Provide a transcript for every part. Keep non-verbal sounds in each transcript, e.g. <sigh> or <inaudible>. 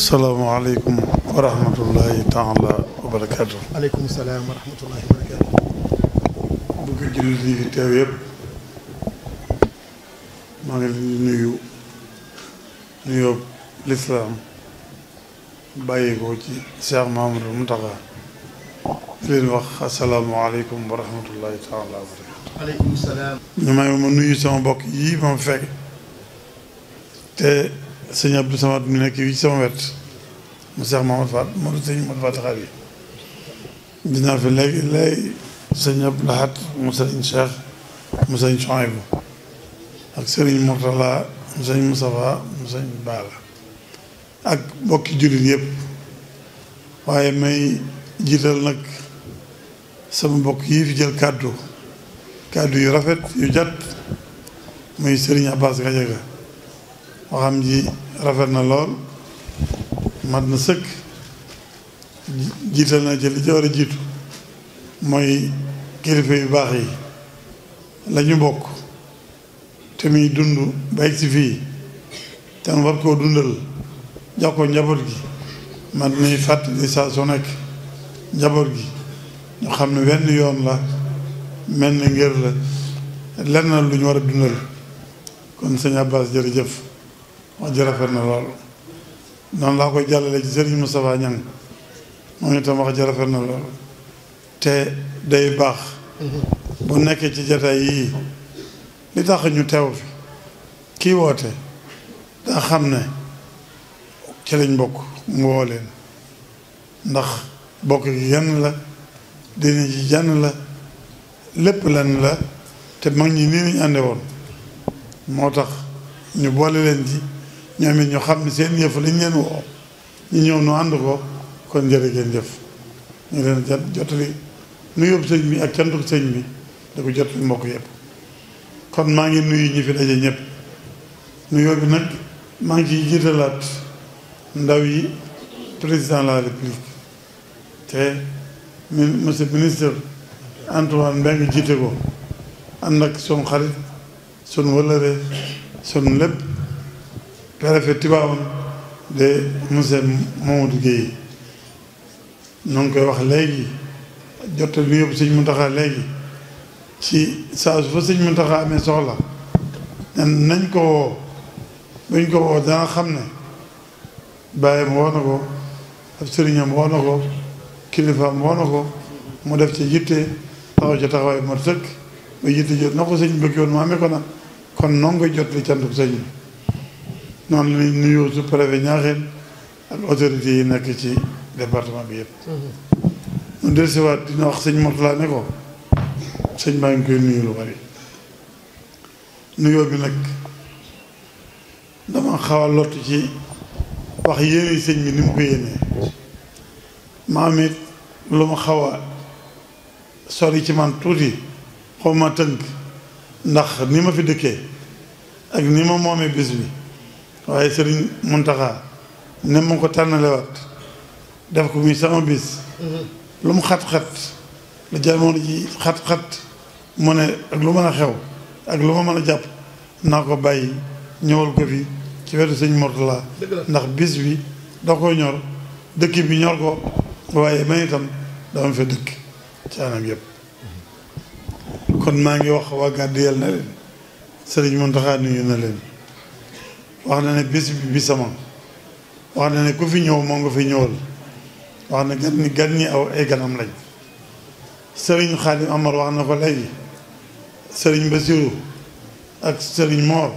asalaamaaleykum wa rahmatullahi taala wa barakaatu. aleykum salaam wa rahmatullahi wa barakaatu. mbokki jullit yi fi teew yëpp maa ngi leen di nuyu nuyoo lislaam bàyyi ko ci Cheikh Mahamadou Mountakha di leen wax asalaamaaleykum wa rahmatullahi taala wa barakaatu. aleykum salaam. ñu may ma nuyu sama mbokk yi ma fekk te. sëñ Abdou Samad mi nekk fii sama wet mu Cheikh Mamadou Fat moo di sëñ Mamadou mu sëñ mu sëñ Chouaïbou ak sëriñ Mourtala mu sëñ Moustapha mu sëñ Bala ak bokki jullit yëpp waaye may jiital nag sama mbokk yi fi jël kàddu kàddu yu rafet yu jat muy sëriñ Abbas Gadiaga waxam ji rafet na lool mat na sëkk jiital na ci li ci war a jiitu mooy kilifa yu baax yi lañu bokk te muy dund ba egg si fii te war koo dundal jox ko njaboot gi man nuy fàttali saa su nekk njaboot gi ñu xam ne wenn yoon la mel ni ngir la lenn lu ñu war a dundal kon sëñ Abbas jërëjëf wax jarafet na lool noonu laa ko jàllale ci sëriñ Moustapha Niang moom itam wax ji na lool te day baax bu nekkee ci jataay yii li tax ñu teew fi kii woote daa xam ne ci lañ bokk mu leen ndax bokk gi yenn la dina ji jenn la lépp lenn la te mag ñi nii nañ ànde woon moo tax ñu boole leen ji ñoom it ñu xam ne seen yëf lañ leen woo ñu ñëw nu ànd ko kon jërë ngeen jëf ñu leen jot jotali nu yóbbu sëñ bi ak cantuk sëñ bi da ko jotali mbokk yëpp kon maa ngi nuyu ñi fi daje ñëpp nuyoo bi nag maa ngi ciy jiitalaat ndaw yi président de la république te monsieur ministre Antoine Mbengue jiite ko ànd ak sun xarit sun wëlëre sun lépp préfet Tivaouane de monsieur Mamadou Guèye ñoo ngi koy wax léegi jottali nu yóbbu sëñ Muntaxa léegi ci saa su fa sëñ Muntaxa amee soxla nañ ko woo buñ ko woo dana xam ne bàyyam woo na ko ab sëriñam woo ko kilifaam woo ko mu def ci yitte taxaw ci taxawaay moo na ko sëñ bëggoon mu amee ko na kon noo ngi koy jot li cantuk sëñ noonu la ñuy nuyoo su préfet Niakhène ak autorités yi nekk ci département bi yëpp. Mhm. mu dellusiwaat dina wax sëñ laa ne ko sëñ baa ngi koy nuyu lu bari nuyoo bi nag dama xaw a ci wax yéene sëñ bi ni mu ko yéenee maam it lu ma xaw a sori ci man tuuti xaw ma tënk ndax ni ma fi dëkkee ak ni ma moomee bis bi. waaye sëriñ Muntaxa ne ma ko tànnalewaat def ko muy sama bis mm-hmm. lu mu xat-xat la jamono ji xat-xat mu ne ak lu mën a xew ak lu ma mën a jàpp naa ko bàyyi ñëwal ko fi ci wetu sëñ Mortala ndax bis bi da ko ñor dëkk bi ñor ko waaye man itam dama fa dëkk ci anam mm-hmm. kon maa ngi wax waa gàddu yàlla na leen sëriñ Muntaxa nuyu na leen wax na ne bés bi bisama wax na ne ku fi ñëw moom nga fi ñëwal wax na gan ni gan ñi aw ay ganam lañ sëriñ Xaadim Amar wax na ko léegi sëriñ Basiru ak sëriñ Moor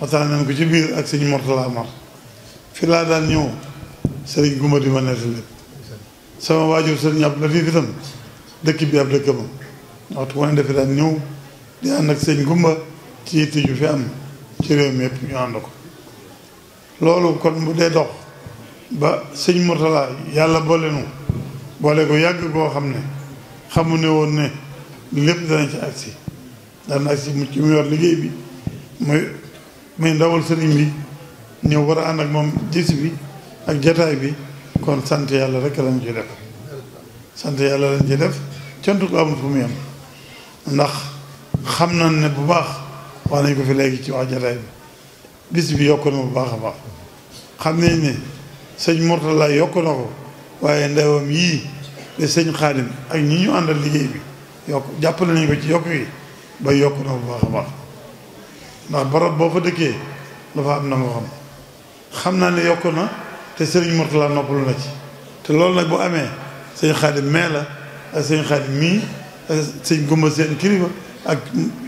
waxtaan nañ ko ci biir ak sëriñ Mortala Amar fi laa daan ñëw sëriñ Gumba di ma nekk lépp sama waajur sëriñ Abdou Latif itam dëkk bi ab dëkk ma waxtu ko ne defe daan ñëw di ak sëriñ Gumba ci yitte ju fi am ci réew mi yëpp ñu ànd ko loolu kon mu dee dox ba sëñ Mourtala yàlla boole nu boole ko yàgg koo xam ne xamu ne woon ne lépp danañ ci ak si agsi mu ci mu yor liggéey bi muy muy ndawal sëriñ bi ñëw war a ànd ak moom gis bi ak jataay bi kon sant yàlla rek lañ ci def sant yàlla lañ ci def cant ko amul fu mu yem ndax xam na ne bu baax waa nañ ko fi léegi ci wax jataay bi bis bi yokk na bu baax a baax xam nañ ni sëñ Mourtala yokk na ko waaye ndawam yii de sëñ Xaadim ak ñi ñu àndal liggéey bi yokk jàppale nañ ko ci yokk yi ba yokk na bu baax a baax ndax barab boo fa dëkkee dafa am na nga xam xam naa ne yokk na te sëñ Mourtala noppalu na ci te loolu nag bu amee sëñ Xaadim mee la ak sëñ Xaadim mii ak sëñ Gumba seen kilifa ak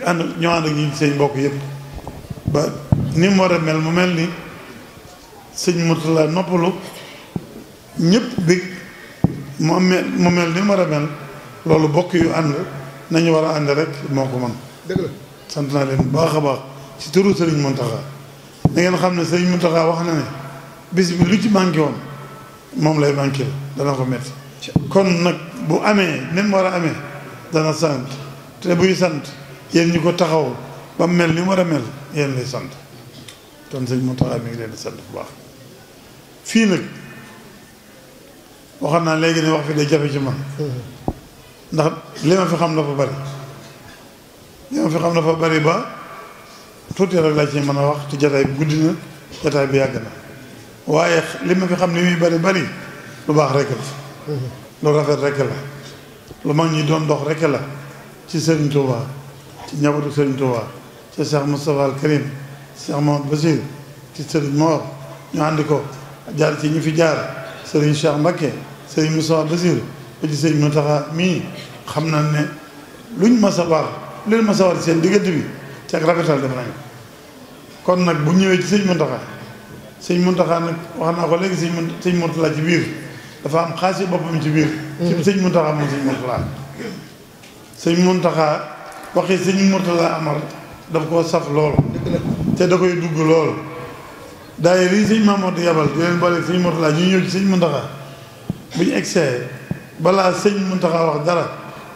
ànd ñoo ànd ak seen mbokk yëpp ba ni mu war a mel mu mel ni sëñ Murtala noppalu ñëpp big mu mel mu war a mel loolu bokk yu ànd nañu war a ànd rek moo ko mën dëgg la naa leen bu baax a baax ci turu sëriñ Muntaxa da ngeen xam ne sëriñ Muntaxa wax na ne bis bi lu ci manqué woon moom lay manqué dana ko métti kon nag bu amee ni war a amee dana sant te buy sant yéen ñi ko taxaw ba mu mel ni mu war a mel yéen lay sant kon sëñ Mountakha mi ngi leen di sant bu baax fii nag waxoon naa léegi ne wax fi day jafe ci man ndax li ma fi xam na bari bari ba tuuti rek laa ci mën a wax ci jataay bi guddi na jataay bi yàgg na waaye li ma fi xam ni muy bari bari lu baax rek la lu rafet rek la lu mag ñi doon dox rek la ci Serigne Touba ci njabootu Serigne Touba ci Cheikh Moustapha Al Karim Cheikh Mamadou Basir ci Serigne moor ñu ànd ko jaar ci ñu fi jaar Serigne Cheikh Mbacké Serigne Moustapha Basir ba ci Serigne Mountakha mii xam na ne luñ mas a leen mas seen diggante bi ci ak rafetal kon nag bu ñëwee ci Serigne Mountakha Serigne Mountakha nag wax naa ko léegi Serigne Serigne Mountakha ci biir dafa am xaasi boppam ci biir ci mu Mountakha moom Serigne Mountakha sëñ Muntaxa waxi sëñ Murtala Amar daf koo saf lool te da koy dugg lool daay lii sëñ Mamadou yabal di leen bale sëñ Murtala ñu ñëw ci sëñ Muntaxa bu ñu egsee balaa sëñ Muntaxa wax dara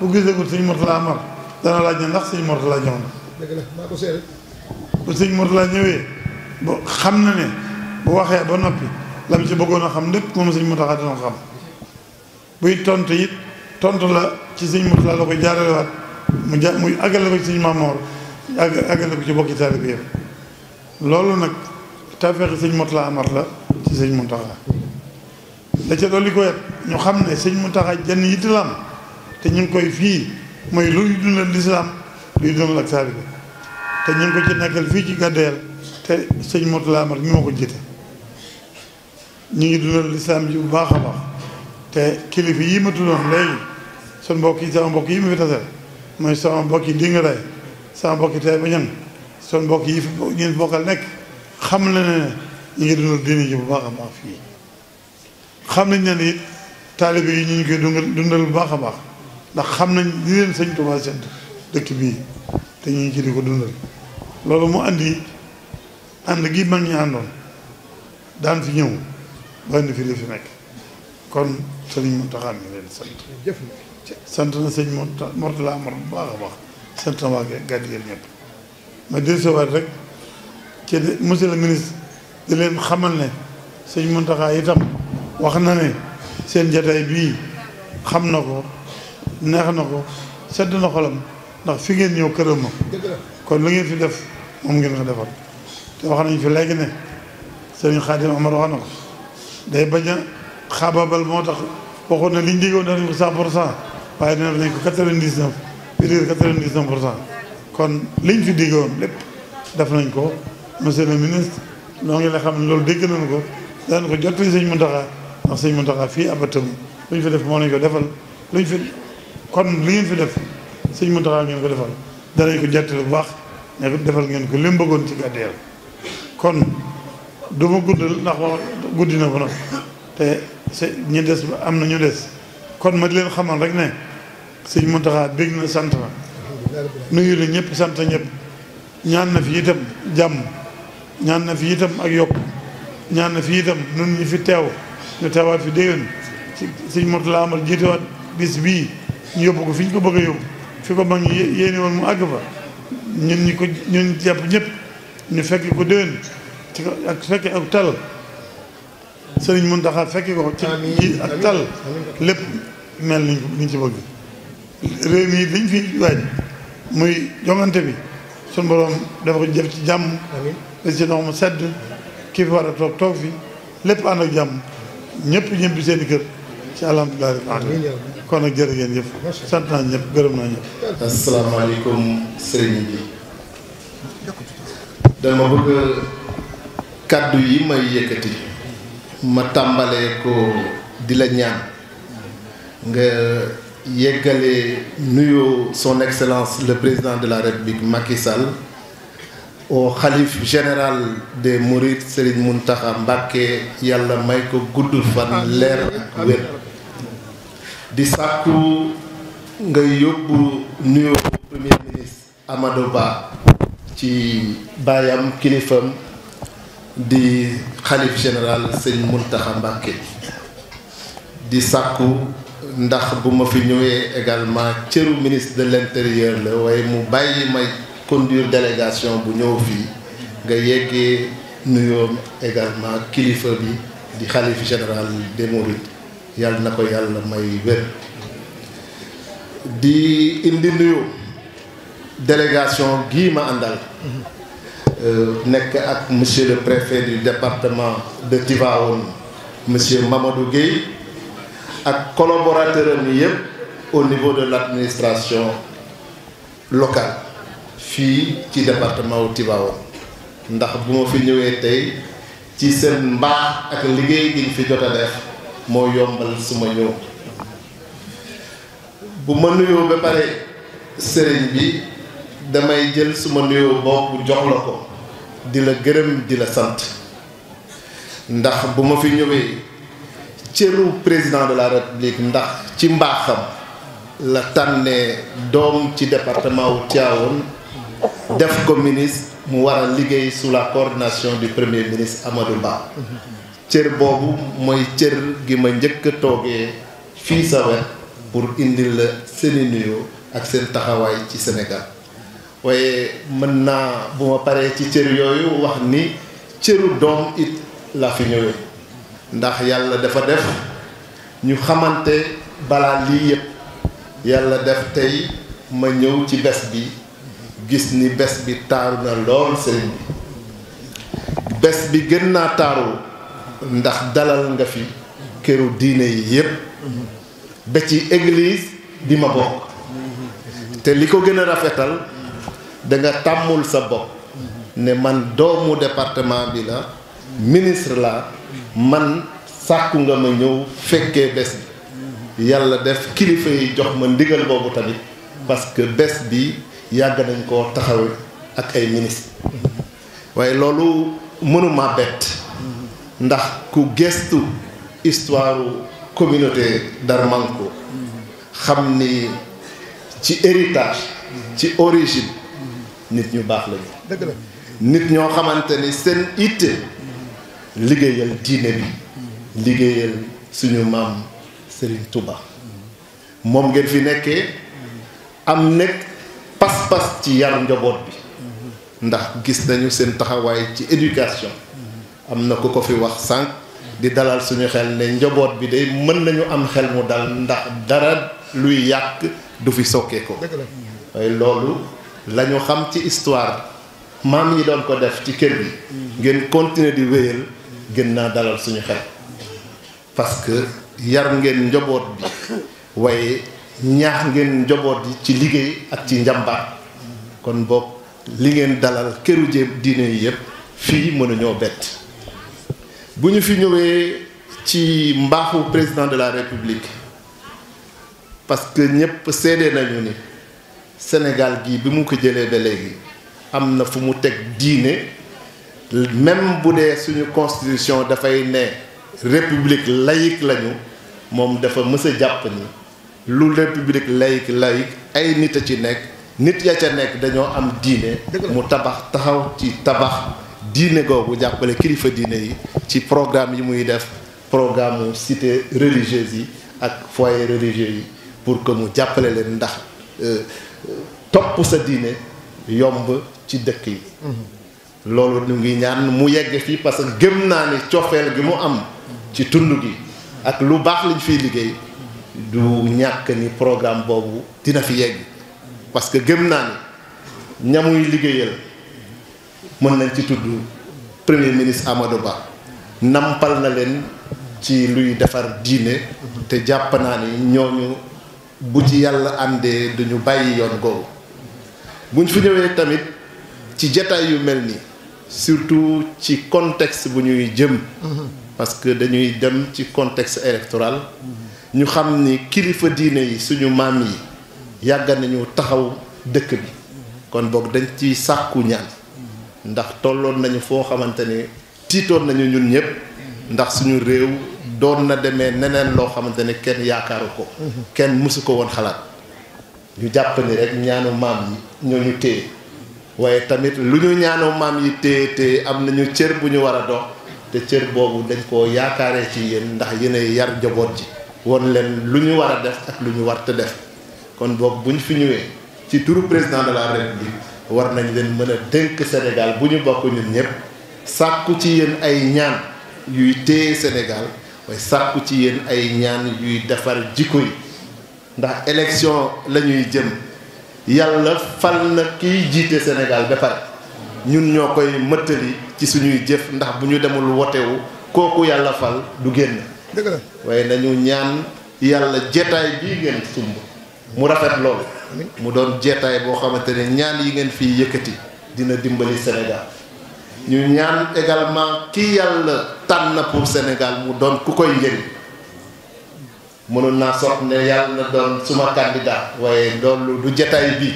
bu gisagul sëñ Murtala Amar dana laaj ne ndax sëñ Murtala ñëw na bu sëñ Murtala ñëwee bu xam na ne bu waxee ba noppi lam ci bëggoon a xam lépp moom sëñ Muntaxa dina xam buy tontu it tontu la ci sëñ Murtala la koy jaaralewaat mu ja muy àggale ko ci sëñ Maamoor àggale ko ci bokki taalibe yëpp loolu nag tafeexi sëñ Murtala Amar la ci sëñ Muntaxa da ca dolli ko ñu xam ne sëñ Muntaxa jenn yitte la am te ñu ngi koy fii mooy luy dundal lislaam ñu ngi ko ci fii ci gàddeel te sëñ Murtala Amar ñu ma ko jiite ñu ngi dundal lislaam ji bu baax a baax te kilifa yi ma tuddoon léegi sun mbokk yi sama mbokk yi mu fi tase mooy sama mbokk yi dingalaay sama mbokk yi tey ba ñan sun mbokk yi fi ñun bokkal nekk xam la ne ñu ngi dundal diine ji bu baax a baax fii xam nañ ne ni it taalibe yi ñu ngi koy dundal dundal bu baax a baax ndax xam nañ li leen sëñ Tuubaa seen dëkk bii te ñu ngi ci di ko dundal loolu mu andi ànd gi mag ñi àndoon daan fi ñëw ba indi fi li fi nekk kon sëriñ Muntaxa mi leen sant sant na sëñ Mourtala Amar bu baax a baax sant na waa gàddi gi ñëpp ma dellusiwaat rek ci monsieur le ministre di leen xamal ne sëñ yi itam wax na ne seen jataay bii xam na ko neex na ko sedd na xolam ndax fi ngeen ñëw këram kon lu ngeen fi def moom ngeen ko defal te wax nañ fi léegi ne sëriñ Xaadim Amar wax na ko day bañ a xaababal moo tax waxoon na liñ digoon danañ ko cent pour cent waaye dina nañ ko quatre-vingt-dix-neuf virgule quatre-vingt-dix-neuf pour cent kon liñ fi diggoon lépp def nañ ko monsieur le ministre noo ngi la xam ne loolu dégg nañ ko daan ko jottali sëñ Muntaxa ndax sëñ Muntaxa fii abatam lu ñu fi def moo lañ ko defal lu ñu fi kon li ngeen fi def sëñ Muntaxa ngeen ko defal danañ ko jottali bu baax ne defal ngeen ko lim bëggoon ci gàddeel kon du ma guddal ndax ma guddi na ko nag te ñi des am na ñu des kon ma di leen xamoon rek ne sëñ Muntaxa bég na sant na nuyu na ñëpp sant ñëpp ñaan na fi itam jàmm ñaan na fi itam ak yokk ñaan na fi itam nun ñi fi teew ñu teewaat fi déwén ci sëñ Murtala amal jiitewaat bis bii ñu ko fi ñu ko bëgg a yóbbu fi ko ñi ko ñun ñu fekki ko déwén ci ak fekki ak tal sëriñ Muntaxa fekki lépp mel niñ ko niñ ci bëgg réew mi liñ fi waaj muy jongante bi suñu borom dafa ko jëf ci jàmm da ci ndox mu sedd kii fi war a toog toog fi lépp ànd ak jàmm ñëpp ñëpp seen kër ci alhamdulilah rabbil alamin kon nag jërë ngeen yëf sant naa ñëpp gërëm naa ñëpp asalaamaaleykum sëriñ bi dama bëgg kàddu yi may yëkkati ma tàmbalee ko di la ñaan nga yeggalee nuyoo son excellence le président de la république Macky Sall au xalif général des Mourides Serigne Mountakha Mbacké yàlla may ko gudd fan leer ak wér di sàkku nga yóbbu nuyoo premier ministre Amadou Ba ci baayam kilifam di xalif général Serigne Mountakha Mbacké di sàkku ndax bu ma fi ñëwee également cëru ministre de l'intérieur la waaye mu bàyyi may conduire délégation bu ñëw fii nga yeggee nuyoom également kilifa bi di xalif général des Mourides yàlla na ko yàlla may wér di indi nuyu délégation gii ma àndal euh, nekk ak monsieur le préfet du département de Tivaouane monsieur Mamadou Guèye ak collaborateur am yi yëpp au niveau de l'administration locale fii ci departement wu Tivaouane ndax bu ma fi ñëwee tey ci seen mbaax ak liggéey gi ñu fi jot a def moo yombal suma ñëw bu ma nuyoo ba pare sëriñ bi damay jël suma nuyoo bopp jox la ko di la gërëm di la sant ndax bu ma fi ñëwee cëru président de la république ndax ci mbaaxam la tànnee doom ci département wu Tivaouane def ko ministre mu war a liggéey sous la coordination du premier ministre Amadou Ba cër boobu mooy cër gi ma njëkk a toogee fii sa wet pour indil la seeni nuyoo ak seen taxawaay ci Sénégal waaye mën naa bu ma paree ci cër yooyu wax ni cëru doom it la fi ñëwee ndax yàlla dafa def ñu xamante balaa lii yëpp yàlla def tey ma ñëw ci bés bi gis ni bés bi taaru na lool sëriñ bi bés bi gën naa taaru ndax dalal nga fi këru diine yi yëpp ba ci église bi ma bokk te li ko gën a rafetal danga tàmmul sa bopp ne man doomu département bi la ministre la man sàkku nga ma ñëw fekkee bés bi yàlla def kilifa yi jox ma ndigal boobu tamit parce que bés bi yàgg nañ koo taxaw ak ay ministre waaye loolu mënuma bett ndax ku gëstu histoire communauté Darmanko xam ni ci héritage ci origine nit ñu baax lañu nit ñoo xamante ni seen itte liggéeyal diine bi liggéeyal suñu maam Serigne tuba moom ngeen fi nekkee am nekk pas-pas ci yar njaboot bi ndax gis nañu seen taxawaay ci éducation am na ku ko fi wax sànq di dalal suñu xel ne njaboot bi de mën nañu am xel mu dal ndax dara luy yàq du fi sokkee ko waaye loolu lañu xam ci histoire maam yi doon ko def ci kër gi mm. ngeen continuer di wéyal gën naa dalal suñu xel parce que yar ngeen njaboot bi waaye ñaax ngeen njaboot yi ci liggéey ak ci njàmbaar kon boog li ngeen dalal këru diine yi yëpp fii mënuñoo bett bu ñu fi ñëwee ci mbaaxu président de la république parce que ñëpp seede nañu ni Sénégal gi bi mu ko jëlee ba léegi am na fu mu teg diine même bu dee suñu constitution dafay ne république laïque lañu moom dafa mës a jàpp ni lu république laïque laïque ay nit a ci nekk nit ya ca nekk dañoo am diine mu tabax taxaw ci tabax diine googu jàppale kilifa diine yi ci programme yi muy def programme cité religieuse yi ak foyer religieux yi pour que mu jàppale leen ndax euh, topp sa diine yomb ci dëkk yi mm-hmm. loolu ñu ngi ñaan mu yegg fii parce que gëm naa ne cofeel gi mu am ci tund gi ak lu baax lañ fiy liggéey du ñàkk ni programme boobu dina fi yegg parce que gëm naa ne ñamuy liggéeyal mën nañ ci tudd premier ministre Amadou Ba nampal na leen ci luy defar diine te jàpp naa ne ñooñu bu ci yàlla àndee duñu bàyyi yoon googu buñ fi ñëwee tamit ci jataay yu mel nii surtout ci contexte bu ñuy jëm parce que dañuy dem ci contexte électoral ñu xam ni kilifa diine yi suñu maam yi yàgg nañu taxaw dëkk bi kon boog dañ ci sàkku ñaan ndax tolloon nañu foo xamante ni tiitoon nañu ñun ñëpp ndax suñu réew doon na demee neneen loo xamante ne kenn yaakaaru ko kenn mësu ko woon xalaat ñu jàpp ni rek ñaanu maam yi ñoo ñu téye waaye tamit lu ñu ñaanoo maam yi téye téye am nañu cër bu ñu war a dox te cër boobu dañ koo yaakaaree ci yéen ndax yéenay yar njaboot ji won leen lu ñu war a def ak lu ñu warte def kon boog bu ñu fi ñëwee ci turu président de la république war nañ leen mën a dénk Sénégal bu ñu bokk ñun ñëpp sàkku ci yéen ay ñaan yuy téye Sénégal waaye sàkku ci yéen ay ñaan yuy defar jikko yi ndax élection la ñuy jëm yàlla fal na kiy jiite senegal ba pare ñun ñoo koy mëttali ci suñuy jëf ndax bu ñu demul wotewu kooku yàlla fal du génn waaye nañu ñaan yàlla jeetaay bii ngeen sumb mu rafet loolu mu doon jeetaay boo xamante ne ñaan yi ngeen fii yëkkati dina dimbali Sénégal ñu ñaan également ki yàlla tànn pour senegal mu doon ku koy njëriñ mënoon naa sot ne yàlla na doon suma candidat waaye loolu du jataay bi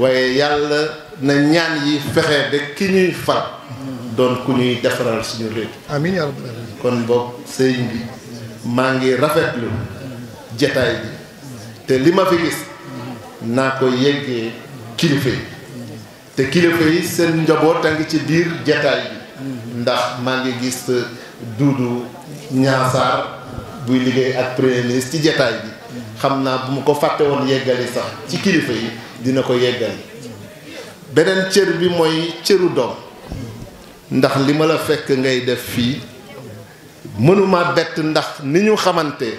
waaye yàlla na ñaan yi fexe ba ki ñuy fal doon ku ñuy defaral suñu réew kon boog sëñ bi maa ngi rafetlu jataay bi te li ma fi gis naa ko yeggee kilifa yi te kilifa yi seen njaboot a ngi ci biir jataay bi ndax maa ngi gis Duudu Ñaasaar buy liggéey ak premier ministre ci jataay bi xam naa bu ma ko fàtte woon yeggali sax ci kilifa yi dina ko yeggali beneen cër bi mooy cëru doom ndax li ma la fekk ngay def fii mënuma bett ndax ni ñu xamante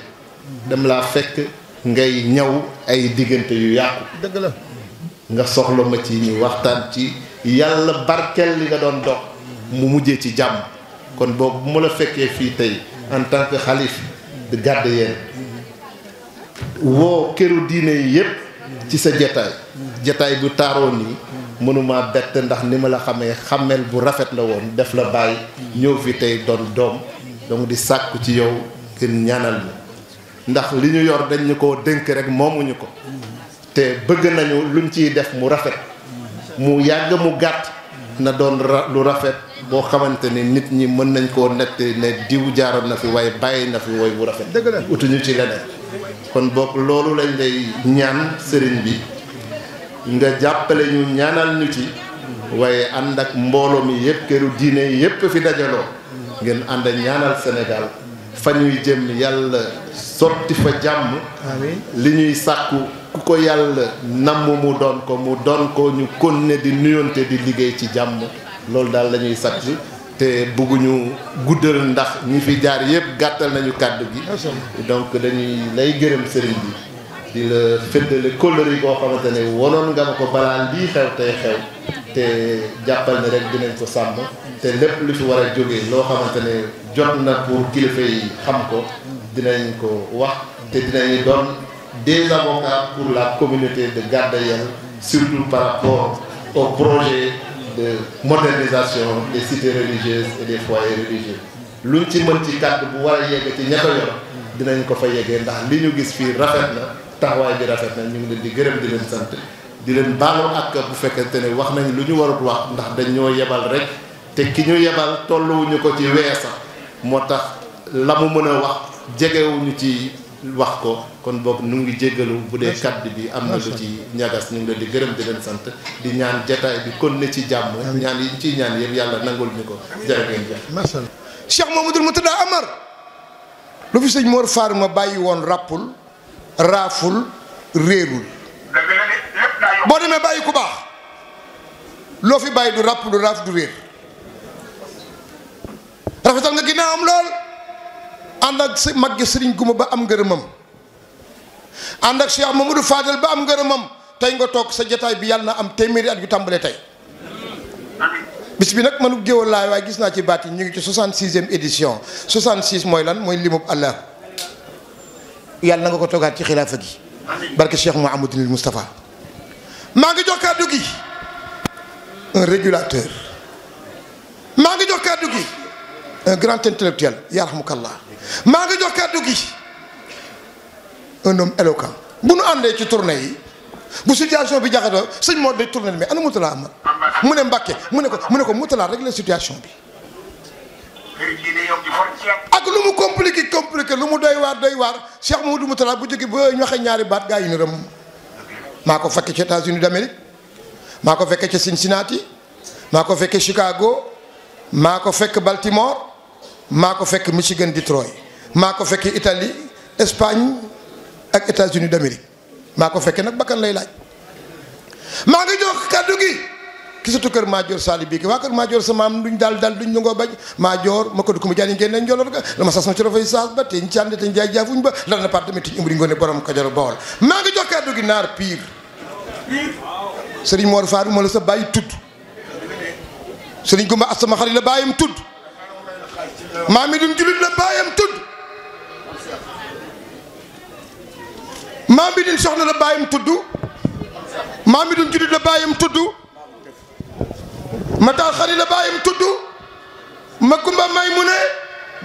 dem la fekk ngay ñaw ay diggante yu yàqu dëgg la nga soxla ma ci ñu waxtaan ci yàlla barkeel li nga doon dox mu mujjee ci jàmm kon boobu bu ma la fekkee fii tey en tant xalif di gàdd yeen woo këru diine yi yëpp ci sa jataay jataay bu taaroo nii mënuma bett ndax ni ma la xamee xamel bu rafet la woon def la bàyyi ñëw fi tey doon doom donc di sàkku ci yow gën ñaanal mi ndax li ñu yor dañ ñu ko dénk rek moomuñu ko te bëgg nañu luñ ciy def mu rafet mu yàgg mu gàtt na doon lu rafet boo xamante ni nit ñi mën nañ koo nett ne diw jaaroon na fi waaye bàyyi na fi woy bu rafet dëgg utuñu ci leneen kon boog loolu lañ lay ñaan sëriñ bi nga jàppale ñu ñaanal ñu ci waaye ànd ak mbooloo mi yëpp këru diine yëpp fi dajaloo ngeen ànd ñaanal Sénégal fa ñuy jëm yàlla sotti fa jàmm li ñuy sàkku ku ko yàlla namm mu doon ko mu doon ko ñu kon ne di nuyoon nuyonte di liggéey ci jàmm loolu daal la ñuy sàkk te bëgguñu guddal ndax ñi fi jaar yëpp gàttal nañu kàddu gi donc dañuy lay gërëm sëriñ bi di la féddale kóllëre yi boo xamante ne wonoon nga ne ko balaan lii xew tey xew te jàppal ne rek dinañ ko sàmm te lépp li fi war a jógee loo xamante ne jot na pour kilifa yi xam ko dinañ ko wax te dinañu doon des avocats pour la communauté de Gardayel surtout par rapport au projet de modernisation des cités religieuses et des foyers lu luñ ci mën ci kàddu bu war a yegg ci ña ko dinañ ko fa yeggee ndax li ñu gis fii rafet na taxawaay bi rafet na ñu ngi leen di gërëm di leen sant di leen baalu ak bu fekkente ne wax nañ lu ñu warut wax ndax dañ ñoo yebal rek te ki ñu yebal tolluwuñu ko ci weer moo tax la mu mën a wax jegewuñu ci wax ko kon boog nu ngi jéggalu bu dee kàddu bi am na lu ci ñagas ñu ngi leen di gërëm di leen sant di ñaan jataay bi kon na ci jàmm ñaan yi ñu ciy ñaan yëpp yàlla nangul ñu ko jërë ngeen jëf macha allah Cheikh Mamadou Moutada Amar lu fi sëñ Mor Faar ma bàyyi woon ràppul raaful réerul boo demee bàyyi ku baax loo fi bàyyi du ràpp du raaf du réer rafetal nga ginnaawam lool ànd ak sa mag gi sëriñ guma ba am ngërëmam ànd ak Cheikh Mamadou Fadel ba am ngërëmam tey nga toog sa jataay bi yàlla na am téeméeri at yu tàmbalee tey bis bi nag manu géwal laay waaye gis naa ci baat yi ñu ngi ci 66e édition 66 mooy lan mooy limub Allah yàlla na nga ko toogaat ci xilaafa gi barke Cheikh Mouhamadoul Moustapha maa ngi jox kàddu gi maa ngi jox kàddu gi un grand intellectuel yarhamukallah maa ngi jox kàddu gi un homme éloquent bu nu àndee ci tournée yi bu situation bi jaxatoo sëñ moo de tournée mais ana Moutala Amar mu ne Mbàkke mu ne ko mu ne ko Moutala régler situation bi ak lu mu compliqué compliqué lu mu doy waar doy waar Cheikh Mamadou Moutala bu jóge ba ñu waxee ñaari baat gaa yi ni maa ko fekkee ci États-Unis d'Amérique maa ko fekkee ci Cincinnati maa ko fekkee Chicago ko fekk Baltimore maa ko fekk Michigan Detroit maa ko fekk Italie Espagne ak États-Unis d'Amérique maa ko fekkee nag bakkan lay laaj maa ngi jox kàddu gi ki surtout kër Maajoor Saali bii ki waa kër Maajoor sa maam duñ dal daal duñ nangoo bañ Maajoor ma ko du ko mu jaani ngeen nañ joloor ga la ma sas ma ci rafay saas ba teñ cànde teñ jaay jaafuñ ba la na part tamit tiñ umri ngoone borom Kajoor Bawol maa ngi jox kàddu gi naar piir sëriñ Mor Faar ma la sa bàyyi tudd sëriñ Gumba Asta ma xarit la bàyyim tudd maam yi dum julit la baayam tudd maam bi din soxna la baayam tudd maam yi dum julit la baayam tudd mataar xari ma gumba may mu ne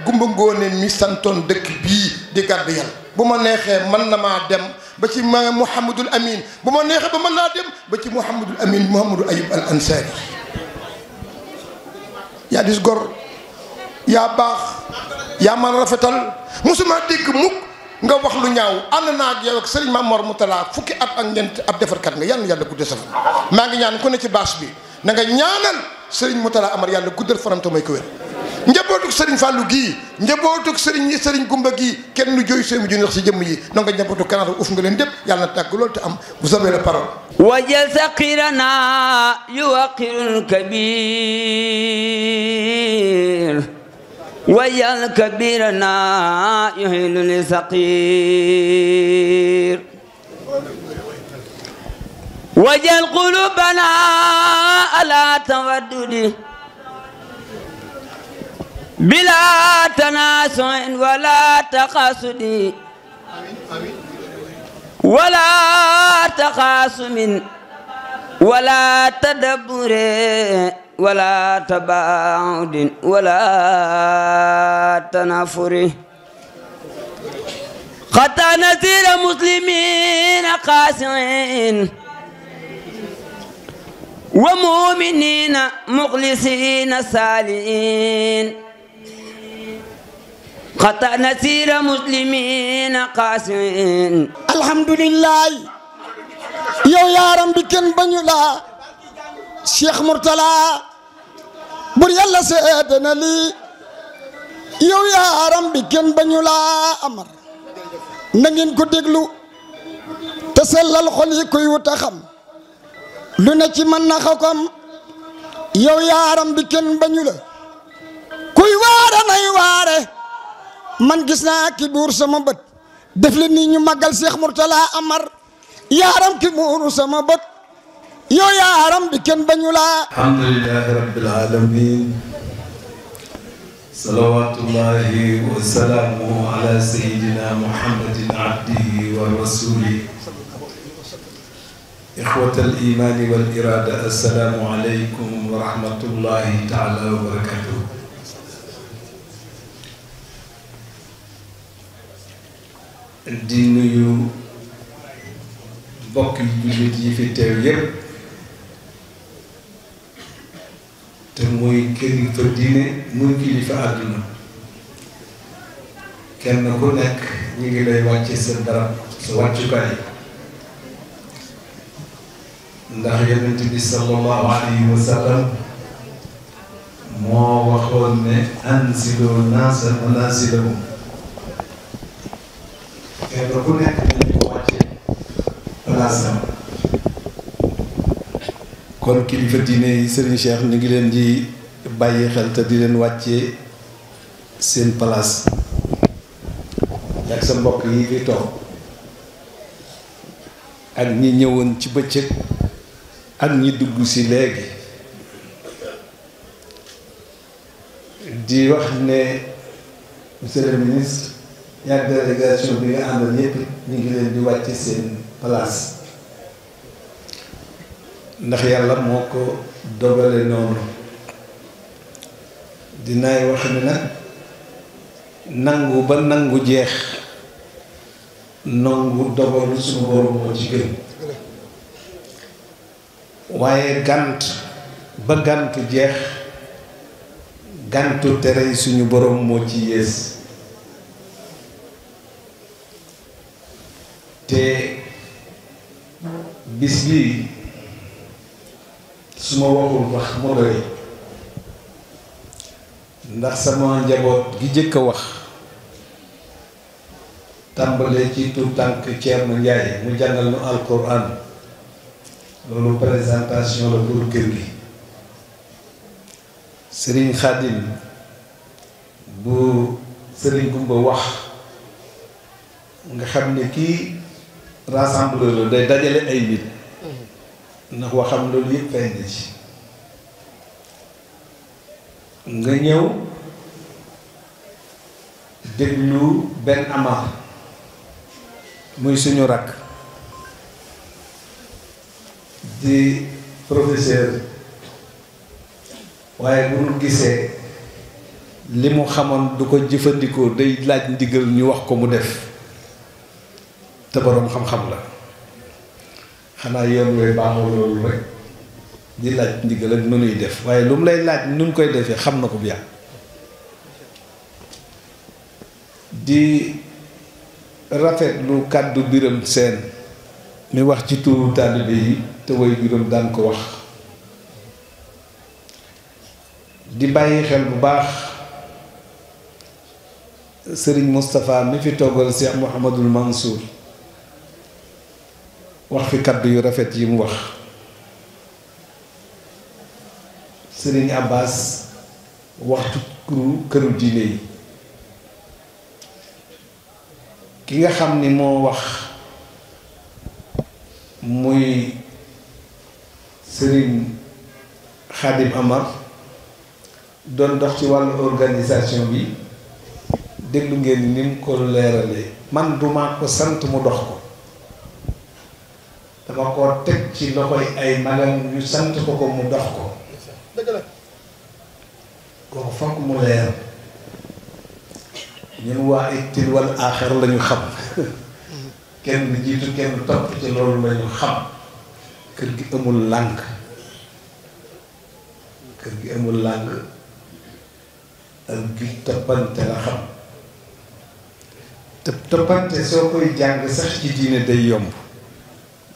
gumba ngoone mi santoon dëkk bii di gàdd yàlla bu ma neexee mën na maa dem ba ci ma mouhamadul amin bu ma neexee ba mën naa dem ba ci mouhamadul amin mouhamadou ayub al ansari yaa baax yaa man rafetal mosuma dégg mukk nga wax lu ñaaw ànd naa ak yow ak sëriñ Mamor Moutala fukki at ak ñeent ab defarkat nga yàlla yàlla guddal sa fan maa ngi ñaan ku ci bâche bi na nga ñaanal sëriñ Moutala Amar yàlla guddal fanam te may ko wér njabootug sëriñ Fallou gii njabootug sëriñ yi sëriñ Gumba gii kenn lu jooy seen wu ju si jëmm yi na nga njabootug kanaara nga leen dépp yàlla na tàgg loolu te am vous avez la parole wajal saqirana yuwaqirul wayal kabirana yuhilu li saqir wajal qulubana ala tawaddudi bila tanasun wala taqasudi wala taqasumin wala tadabbure ولا تباعد ولا تنافر قطع نزيل مسلمين قاسعين ومؤمنين مخلصين سالئين قطع نزيل مسلمين قاسعين الحمد لله يا يا رب كن بني Cheikh Mourtala bur yàlla seede na lii yow yaaram bi kenn bañu laa amar na ngeen ko déglu te sellal xol yi koy wut a xam lu ne ci mën na xakam yow yaaram bi kenn bañu la kuy waare nay waare man gis naa ki sama bët def li nii ñu màggal Cheikh Mourtala amar yaaram ki sama bët yow yaa haram bi kenn bañu laa alhamdulilahi rabbil alamin salawatullahi wa salaamu ala sayidina muhammadin abdihi wa rasulih ixwat al imani wal irada assalaamu aleykum wa rahmatullahi taala wa barakatuh di nuyu mbokk jullit yi fi teew yépp te muy kilifa diine muy kilifa kenn ku nekk ñu ngi lay wàcce sa dara sa wàccukaay ndax yonent bi sallallahu alayhi wa moo waxoon ne ansiloo naasa manaasilahum kenn ku nekk nañu ko wàcce palaasam kon kilifa diine yi Serigne Cheikh ñu ngi leen di bàyyi xel te di leen wàccee seen palaas ak sa mbokk yi fi toog ak ñi ñëwoon ci bëccëg ak ñi dugg si léegi di wax ne monsieur le ministre yaag délégation bi nga àndal yépp ñu ngi leen di wàcce seen place ndax yàlla moo ko dogale noonu dinaay wax ni nag nangu ba nangu jeex nangu dogalu suñu borom moo ci gën waaye gànt ba gàntu jeex gàntu tere yi suñu borom moo ci yées te bis bii su ma waxul wax mu doy ndax sama njaboot gi jëkk a wax tàmbalee ci tur tànk Thierno Ndiaye mu jàngal nu alquran loolu présentation la pour kër gi Serigne Khadim bu Serigne Gumba wax nga xam ne kii rassembleur la day dajale ay nit ndax waxam loolu yëpp feeñ na ci nga ñëw déglu benn amaar muy suñu rakk di professeur waaye bu nu gisee li mu xamoon du ko jëfandikoo day laaj ndigal ñu wax ko mu def te boroom xam-xam la xanaa yoon yooyu baaxoo loolu rek di laaj ndigal ak nu nuy def waaye lu mu lay laaj nu koy defee xam na ko bu yàgg di lu kàddu biram seen mi wax ci tuuru taalibe yi te way biram daan ko wax di bàyyi xel bu baax sëriñ Moustapha mi fi toggal Cheikh Mouhamadul Mansour wax fi kaddu yu rafet yi mu wax sëriñ Abbas waxtu këru këru diine yi ki nga xam ni moo wax muy sëriñ Xaadim Amar doon dox ci wàll organisation bi déglu ngeen ni mu ko leeralee man duma ko sant mu dox ko dama koo teg ci yi ay magam yu sant ko ko mu dox ko kooku fokk mu leer ñun waa ittil wal aaxir la ñu xam kenn jiitu kenn topp ci loolu la xam kër gi amul lànk kër gi amul lànk ak gi toppante la xam te toppante soo koy jàng sax ci diine day yomb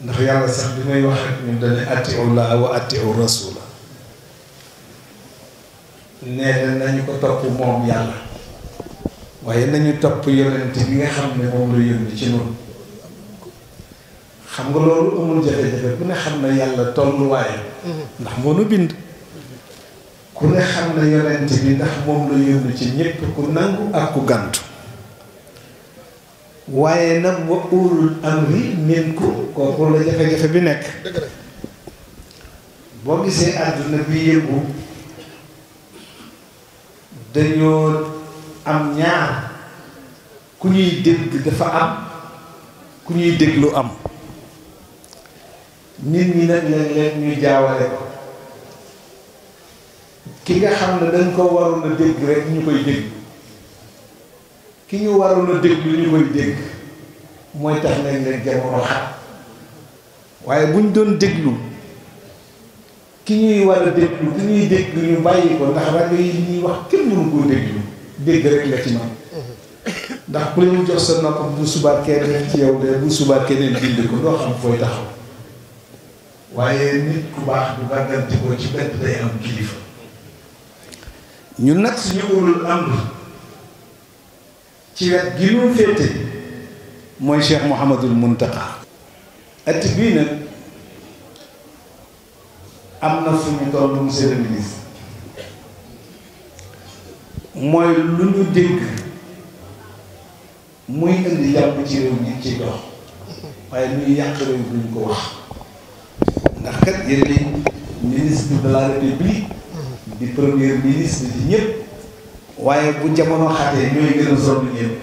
ndax yàlla sax bi may wax ak ñun dañuy atiu laa wa atiu rasula nee na nañu ko topp moom yàlla waaye nañu topp yonent bi nga xam ne moom la yónni ci noonu xam nga loolu amul jafe-jafe ku ne xam na yàlla tolluwaay ndax moo nu bind ku ne xam na yonent bi ndax moom la yónni ci ñépp ku nangu ak ku gàntu waaye nag wa ulul amri minkum kooku la jafe-jafe bi nekk boo gisee àdduna bi yëngu dañoo am ñaar ku ñuy dégg dafa am ku ñuy déglu am nit ñi nag léeg-léeg ñu jaawale ko ki nga xam ne dañ ko waroon a dégg rek ñu koy dégg ki ñu waroon a déglu ñu koy dégg mooy tax nañ leen jamono xam waaye bu ñu doon déglu ki ñuy war a déglu ki ñuy déglu ñu bàyyi ko ndax rajo yi ñuy wax kenn mënu koo déglu dégg rek la ci man ndax ku leen jox sa nopp bu ci yow de bu subaa keneen bind ko doo xam fooy taxaw waaye nit ku baax du bàggantikoo ci benn day am kilifa ñun nag suñu ulul amri ci wet gi mu féete mooy Cheikh Mouhamadul Muntaqa at bii nag am na fu ñu toll monsieur le ministre mooy lu ñu dégg muy indi yàpp ci réew mi ci dox waaye muy yàq réew duñ ko wax ndax kat yéen ministre de la république di premier ministre di ñëpp waaye bu jamono xatee ñooy gën a sonn ñëpp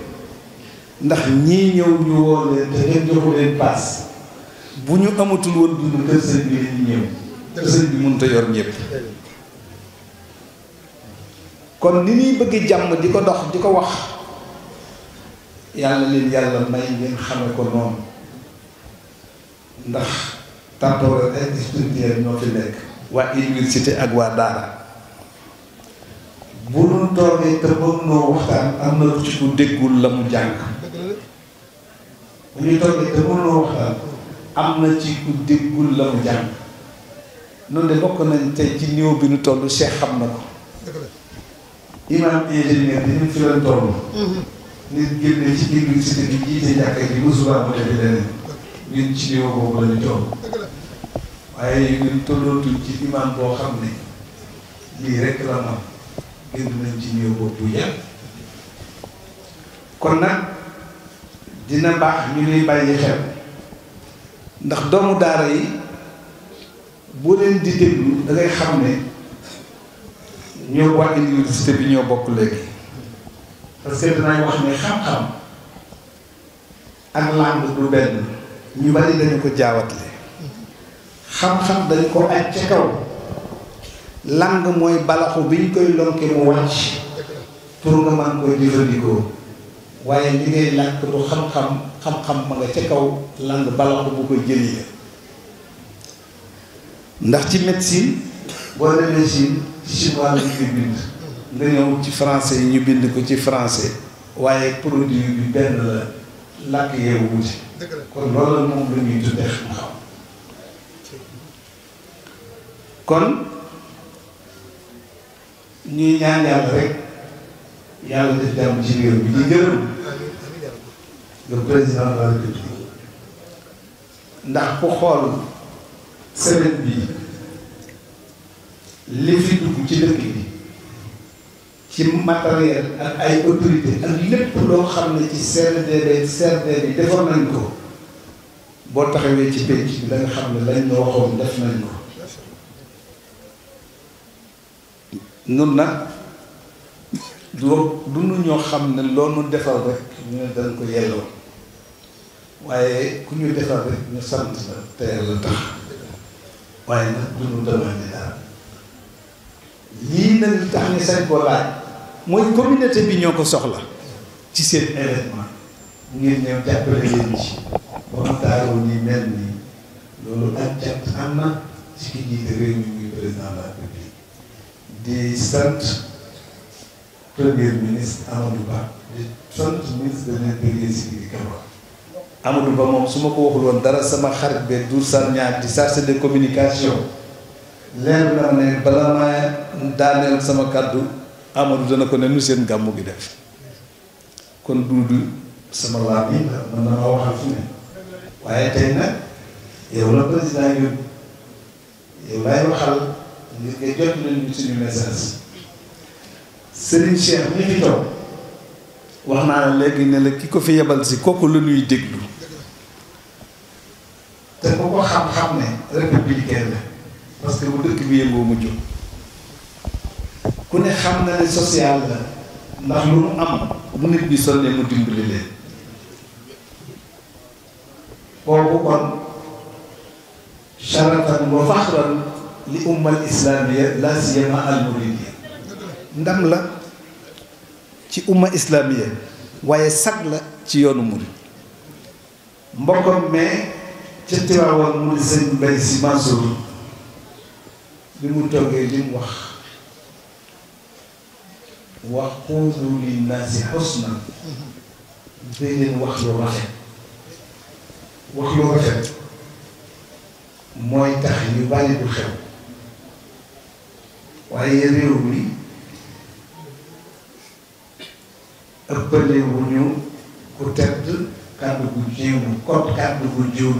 ndax ñii ñëw ñu woo leen te ngeen joxu leen paas bu ñu amatul woon dund kër sëñ bi la ñuy ñëw kër sëñ bi mënut a yor kon ni ñuy bëgg jàmm di ko dox di ko wax yàlla leen yàlla may ngeen xame ko noonu ndax tantôt ay spirituel ñoo fi nekk waa université ak waa daara bu nu toogee te bëgg waxtaan am na ci ku déggul la mu jàng bu ñu toogee te bëgg waxtaan am na ci ku déggul la mu jàng noonu de bokk nañ tey ci niveau bi nu toll Cheikh xam na ko imam ingénieur bi ñu fi leen toll nit génne jàkka ji bu subaa mu defe leneen ñun ci niveau boobu la ñu toll waaye ñun tollootuñ ci imam boo xam ne lii rek la moom génn nañ ci néew boobu bu kon nag dina baax ñu nuy bàyyi xel ndax doomu daara yi boo leen di déglu da ngay xam ne ñoo waa université bi ñoo bokk léegi parce que danaay wax ne xam-xam ak langue du benn ñu bari dañu ko jaawatle xam-xam dañu ko aj ca kaw lang mooy balaxu biñ koy lonki mu wàcc pour nga man koy jëfandikoo waaye li ngay làkk du xam-xam xam-xam ma nga ca kaw lang balaxu bu ko jëli la ndax ci médecine boo demee ci chinois lañ koy bind nga ñëw ci français ñu bind ko ci français waaye produit bi benn làkk yeewu wuti kon loolu moom la ñuy tuddee xam-xam kon ñuy ñaan yàlla rek yàlla def jàmm ci réew bi di gërëm le président de la république ndax ku xool semaine bi li fi ci dëkk bi ci matériel ak ay autorité ak lépp loo xam ne ci CRD CRD bi defoon nañ ko boo taxawee ci pénc bi da nga xam ne lañ nga waxoon def nañ ko nun na loo du nu ñoo xam ne loolu nu defal rek ñu ne ko yelloo waaye ku ñu defal rek ñu sant la te yàlla tax waaye nag du nu demande dara lii nag li tax ñu sañ ko laaj mooy communauté bi ñoo ko soxla ci seen événement ngeen ñëw jàppale leen ci ba nii mel nii loolu ak jàpp am na ci ki jiite réew mi muy président de la République di sant premier ministre Amadou Ba di sant ministre de l'intérieur Sidiki Kaba Amadou Ba moom su ma ko waxuloon dara sama xarit be du ñaar di chargé de communication leer na ne bala maa sama kàddu Amadou dana ko ne nu seen gàmmu gi def kon duudu sama laaj yi mën na ma waxal fu ne waaye tey nag yow la président yow yow laay waxal ñu ngi jot nañu suñu message Serigne Cheikh mi fi toog wax naa la léegi ne la ki ko fi yebal si kooku la ñuy déglu te ku ko xam-xam ne républicain la parce que bu dëkk bi yëngoo mu jóg ku ne xam na ne social la ndax lu mu am bu nit bi sonne mu dimbali leen kooku kon charatan wa faxran li ummal islamiya la siyama al muridi ndam la ci umma islamiya waaye sag la ci yoonu murid mbokkam mais ca Tiwaawan mu di sëñ Mbay Si Mansour bi mu toggee li mu wax wax quulu linnaasi xusna day leen wax lu rafet wax lu rafet mooy tax yu bari du xew waaye réew mi ëppale wu ñu ku tedd kàddu gu jiw kot kàddu gu jiw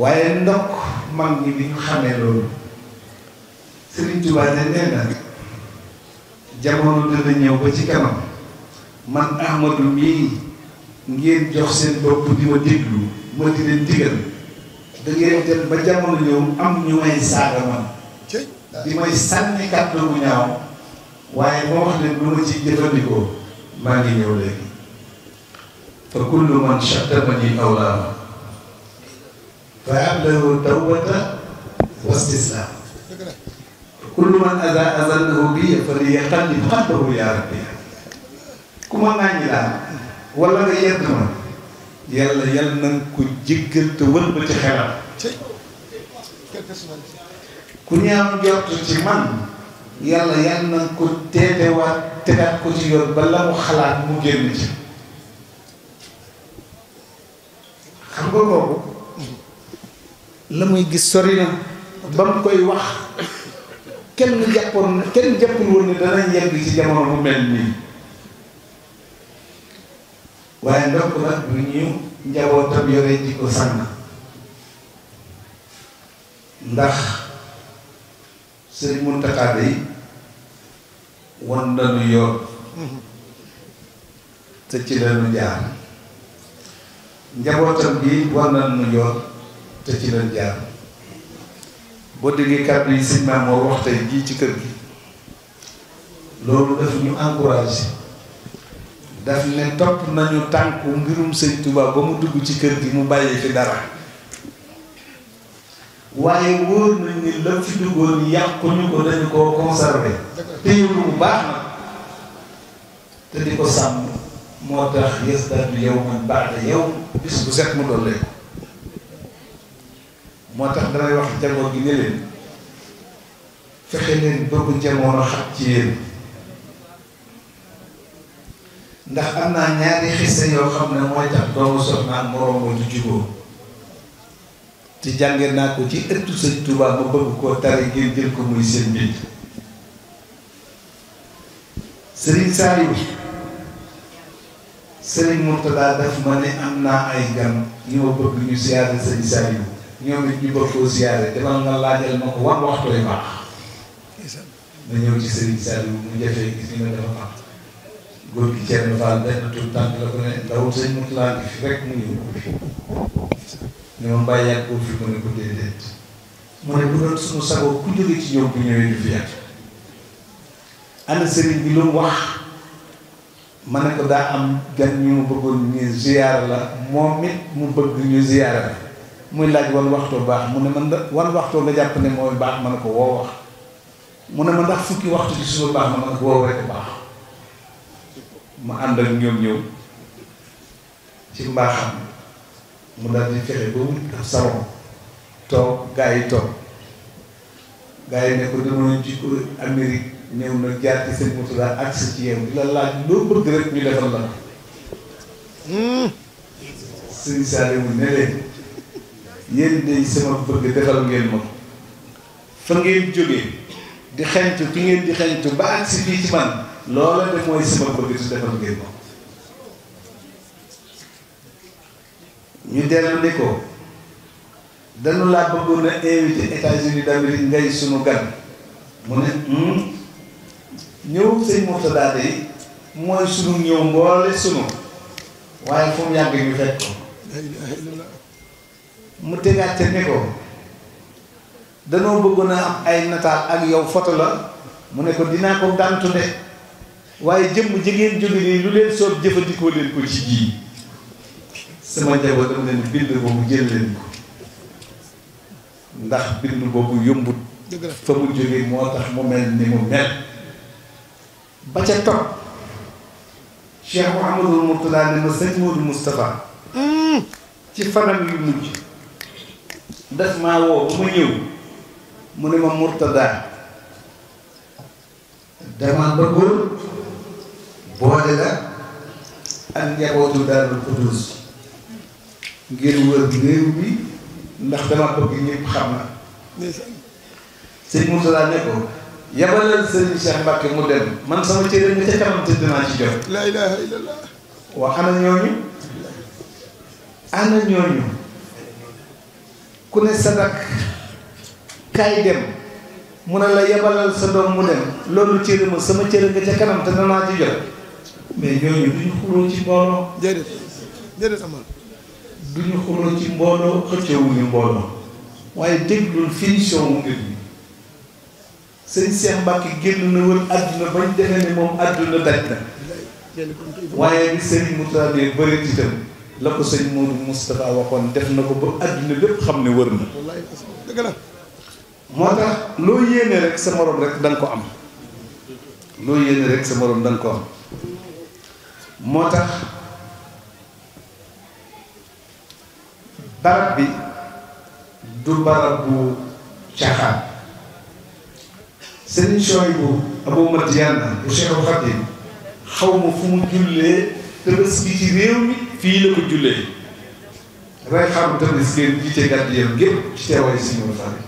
waaye ndokk mag ñi bi ñu xamee loolu Sëriñ Tuubaa nee na jamono dana ñëw ba ci kanam man Ahmadu mii ngeen jox seen bopp di ma déglu ma di leen digal da ngeen dem ba jamono ñëw am ñu may saaga man di may sànni kàddu bu ñaaw waaye moo wax ne lu ma ci jëfandikoo maa ngi ñëw léegi fa kullu man shaddamani awlaama fa ablahu tawbata wa istislaam fa kullu man aza azallahu bi fa liyaqallib yaa ku ma nàññi daal wala nga yedd ma yàlla yàlla na nga ko jéggal te xelam ku ñaaw njort ci man yàlla yal na ko teetewaat tegaat ko ci yoon ba la mu xalaat mu génn ci xam nga loolu la muy gis sori na ba mu koy wax kenn jàppoon kenn jàppul woon ne danañ yegg ci jamono bu mel nii waaye ndokk nag bu ñu njabootam yore ji ko sànn ndax sëriñ Mountakha day wan nañu yoon te ci lañu jaar njabootam gi wan nañu yoon te ci lañu jaar boo déggee kàddu yi sëñ moo wax tey jii ci kër gi loolu daf ñu encouragé daf ne topp nañu tànk mbirum sëñ tubaab ba mu dugg ci kër gi mu bàyyee fi dara waaye wóor nañ la fi duggoon yàquñu ko dañu koo conservé téye lu bu baax nag te di ko sàmm moo tax yasdadu yawman ba'da yawm bis bu set mu dollee ko moo tax damay wax jamono gi ne leen fexe leen bëgg jamono xat ci yéen ndax am naa ñaari xiste yoo xam ne mooy tax doomu soxnaan moroom wa du jubóo te jànge naa ko ci ëttu sëñ Touba ma bëgg koo tari ngeen jël ko muy seen mbind sëriñ Saliou sëriñ Mourtada daf ma ne am naa ay gan ñu ma bëgg ñu siyaare sëriñ Saliou ñoom it ñu bëgg koo siyaare demal nga laajal ma ko wan waxtu lay baax ma ñëw ci sëriñ Saliou mu jafee gis ñu ne dafa baax góor gi Thierno Fall benn tur tànk la ko ne ndawul sëñ Mourtada bi fi rek mu ñëw ko fi ne ma mbaa yàgg koo fi mu ne ko déedéet mu ne bu doon suñu sago ku jóge ci yow bu ñëwee du fi yàgg ana sëriñ bi lu mu wax ma ne ko daa am gan ñu mu bëggoon la moom it mu bëgg ñu ziyaara la muy laaj wan waxtoo baax mu ne man da wan waxtoo nga jàpp ne mooy baax ma ne ko woo wax mu ne ma ndax fukki waxtu ci suba baax ma ne ko woo rek baax ma ànd ak ñoom ci mbaaxam mu daal di fexe ba wut ab toog gaa yi toog gaa yi ne ko demoon ci Amérique ñëw na jaar ci seen moto daal agsi ci yow di la laaj loo bëgg rek ñu defal la ko hmm. sëñ Saliou mu ne leen yéen de sama bëgg defal ngeen ma fa ngeen jógee di xentu ki ngeen di xentu ba agsi fii ci man loola de mooy sama bëgg te defal ngeen ma ñu dellu ni ko dañu laa bëggoon a invité États-Unis d'Amérique ngay sunu gan mu ne hmm? ñëw sëñ Mourtada day mooy sunu ñëw mboole sunu waaye fu yàgg ñu fekk ko mu tegaat ca ni ko danoo bëggoon a am ay nataal ak yow foto la mu ne ko dinaa ko gàntu de waaye jëmm jigéen jóge nii lu leen soob jëfandikoo leen ko ci jii sama njaboot dama leen bind boobu jël leen ko ndax bind boobu yombut fa mu jógee moo tax mu mel ni mu mel ba ca topp Cheikh Mouhamadul Mourtada hmm. mujj def maa woo ma ñëw mu ne ma Mourtada dama bëggoon boole la ak njabootu Daarul Xudoos ngir wër réew mi ndax dama bëgg ñëpp xam na sëñ Moussa ne ko yabalal sëñ Cheikh Mbacke mu dem man sama cëriñ nga ca kanam te la ilaha illallah waa ana ñooñu ana ñooñu ku la yabalal sa mu dem loolu cëriñ ma sama cëriñ nga ca kanam te danaa ci mais ñooñu duñu xuloo ci mbooloo jërëjëf jërëjëf amal duñu xuloo ci mbooloo xëccoowuñu mbooloo waaye déglul finition wu mbir mi sëñ Cheikh Mbacke génn na wër àdduna bañ defee ne moom àdduna daj na waaye bi sëriñ Mourtada bëri itam la ko sëñ Modou Moustapha waxoon def na ko ba àdduna bépp xam ne wër na dëgg la moo tax loo yéene rek sa moroom rek da ko am loo yéene rek sa morom da ko am moo tax barab bi du barab bu caaxaan sëriñ Souhaïbou Abou Madiana bu Cheikhul Khadim xaw ma fu mu jullee tëbës gi ci réew mi fii la ko jullee rey xamu tëbës ngeen jiite gàddu yam gépp ci teewaay si ñu fari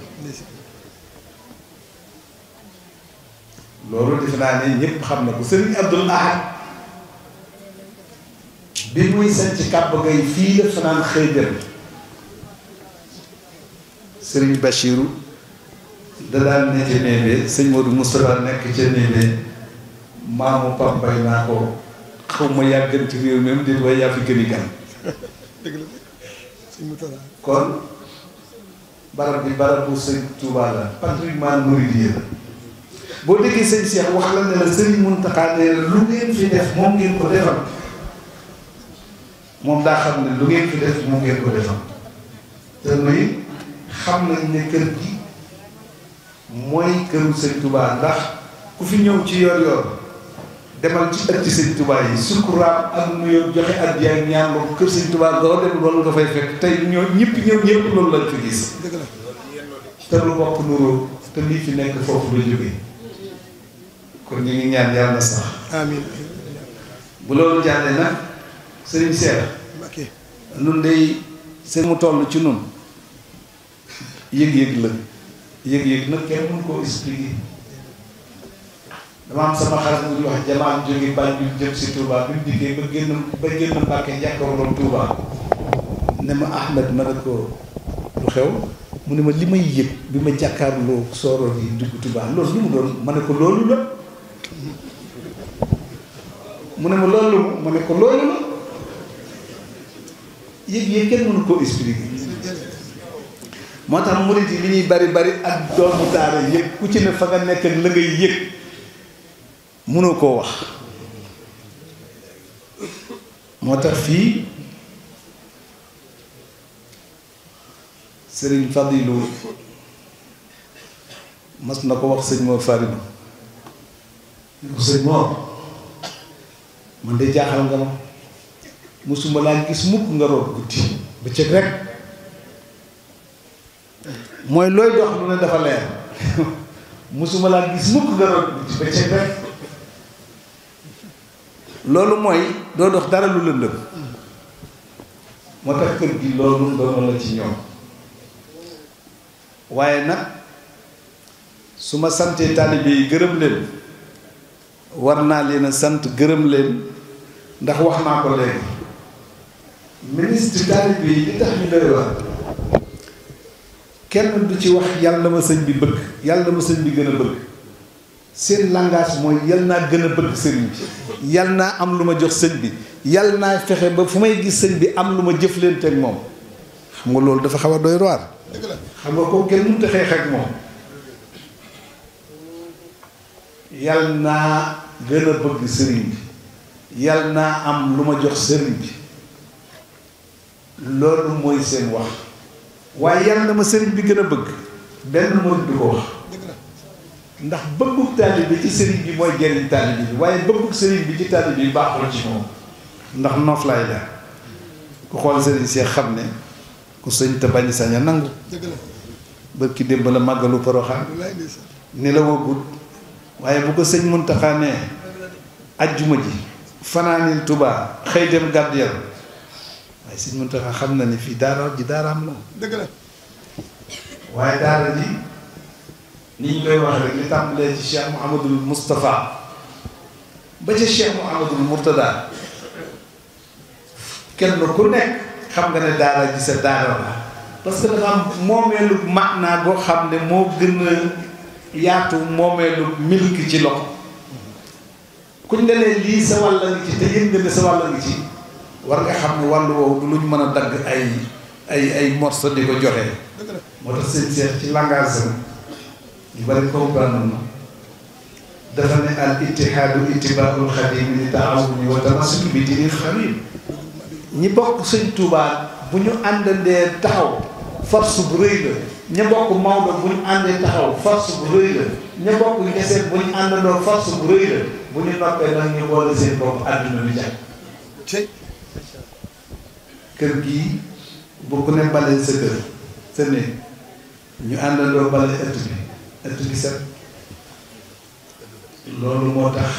loolu defe naa xam na ko sëriñ Abdul Ahad bi muy sanc kàbb gay fii la fanaan xëy sëriñ Bachirou da ne ca Némé sëñ Modou Moustapha nekk ca Némé maamu Pambay naa ko xaw ma yàggan ci réew même di waaye yaa gën i gan kon barab bi barabu sëñ Touba la patrimoine mouride la boo déggee sëñ Cheikh wax la ne la sëriñ Mountakha ne lu ngeen fi def moom ngeen ko defal moom daa xam ne lu ngeen fi def moom ngeen ko defal te muy xam nañ ne kër gi mooy këru sëñ Touba ndax ku fi ñëw ci yor yor demal ci ëtt sëñ Touba yi sukuraam ak nuyoo joxe ak yaay ñaan loolu kër sëñ Touba goo dem loolu nga fay fekk tey ñoo ñëpp ñëw ñëpp loolu lañ fi gis te lu bokk nuroo te lii fi nekk foofu la jóge kon ñu ngi ñaan yàlla sax amiin bu loolu jàllee nag sëriñ Seex nun day sëñ mu toll ci nun yëg-yëg la yëg-yëg nag kenn mënu koo expliquer dama am sama xarit bu wax jamaan jóge Banjul jëm si Touba bi mu dikkee ba génn ba génn Mbàkke jàkkaarloo Touba ne ma Ahmed ma ne ko lu xew mu ne ma li may yëg bi ma jàkkaarloo sooroor yi dugg Touba loolu lu mu doon ma ne ko loolu la mu ne ma loolu ma ne ko loolu la yëg-yëg kenn mënu koo expliquer moo tax murit yi li ñuy bari bari ak doomu daara yëg ku ci ne fa nga nekk la ngay yëg mënoo koo wax moo tax fii sëriñ Fadilu mas na ko wax sëñ Mor Farid ne ko man de jaaxal nga ma musuma laa gis mukk nga root guddi bëccëg rek mooy looy dox lu ne dafa leer musuma laa gis mukk nga root bi ci bëccëg loolu mooy doo dox dara lu lëndëm moo tax kër gi loolu ndono la ci ñoom waaye nag su ma santee taalibe yi gërëm leen war naa leen a sant gërëm leen ndax wax naa ko léegi ministre taalibe yi li tax ñu doy wax kenn du ci wax yàlla ma sëñ bi bëgg yàlla ma sëñ bi gën a bëgg seen langage mooy yal naa gën a bëgg sëriñ bi yal naa am lu ma jox sëñ bi yal naa fexe ba fu may gis sëñ bi am lu ma jëflante ak moom xam nga loolu dafa xaw a doy xam nga ko kenn mënut a xeex ak moom naa gën a bëgg naa am lu ma jox sëriñ bi loolu mooy seen wax waaye yàlla na ma sëriñ bi gën a bëgg benn murid du ko ndax bëggug taalibe bi ci sëriñ bi mooy jëriñ taalibe bi waaye bëggug sëriñ bi ci taalibe bi baaxul ci moom ndax noof la ku xool sëriñ see xam ne ku sëñ te bañ sañ a nangu bërki démb la màggalu poroxaan ni la wagul waaye bu ko sëñ Muntaxa nee ajjuma ji fanaanil Tuubaa xëy dem gàdd yàlla waaye sëñ Muntaxa xam na ne fii daara ji daaraam la dëgg waaye daara ji ni ñu koy wax rek li tàmbalee ci Cheikh Mouhamadul Moustapha ba ca Cheikh Mouhamadul Mourtada kenn ku nekk xam nga ne daara ji sa daara la parce que dafa am moomeelu maanaa boo xam ne moo gën a yaatu moomeelu milk ci loxo kuñ ne leen lii sa wàll ngi ci te yëg nga ne sa wàll ngi ci war nga xam ne wàllu woowu du lu ñu mën a dagg ay ay ay morceaux di ko jotee moo tax seen seet ci langage am ñu bari comprendre na dafa ne al ittihaadu ittibaa'ul xadiim li bokk sëñ Tuubaa bu ñu àndandee taxaw force bu rëy la ña bokk Maodo bu ñu àndee taxaw force bu rëy la bokk Ñaseen bu ñu àndandoo force bu rëy bu ñu noppee nag ñu boole seen bopp àdduna bi jàpp kër gii bu ku ne bale sa kër sa néeg ñu àndandoo bale ëtt bi ëtt bi set loolu moo tax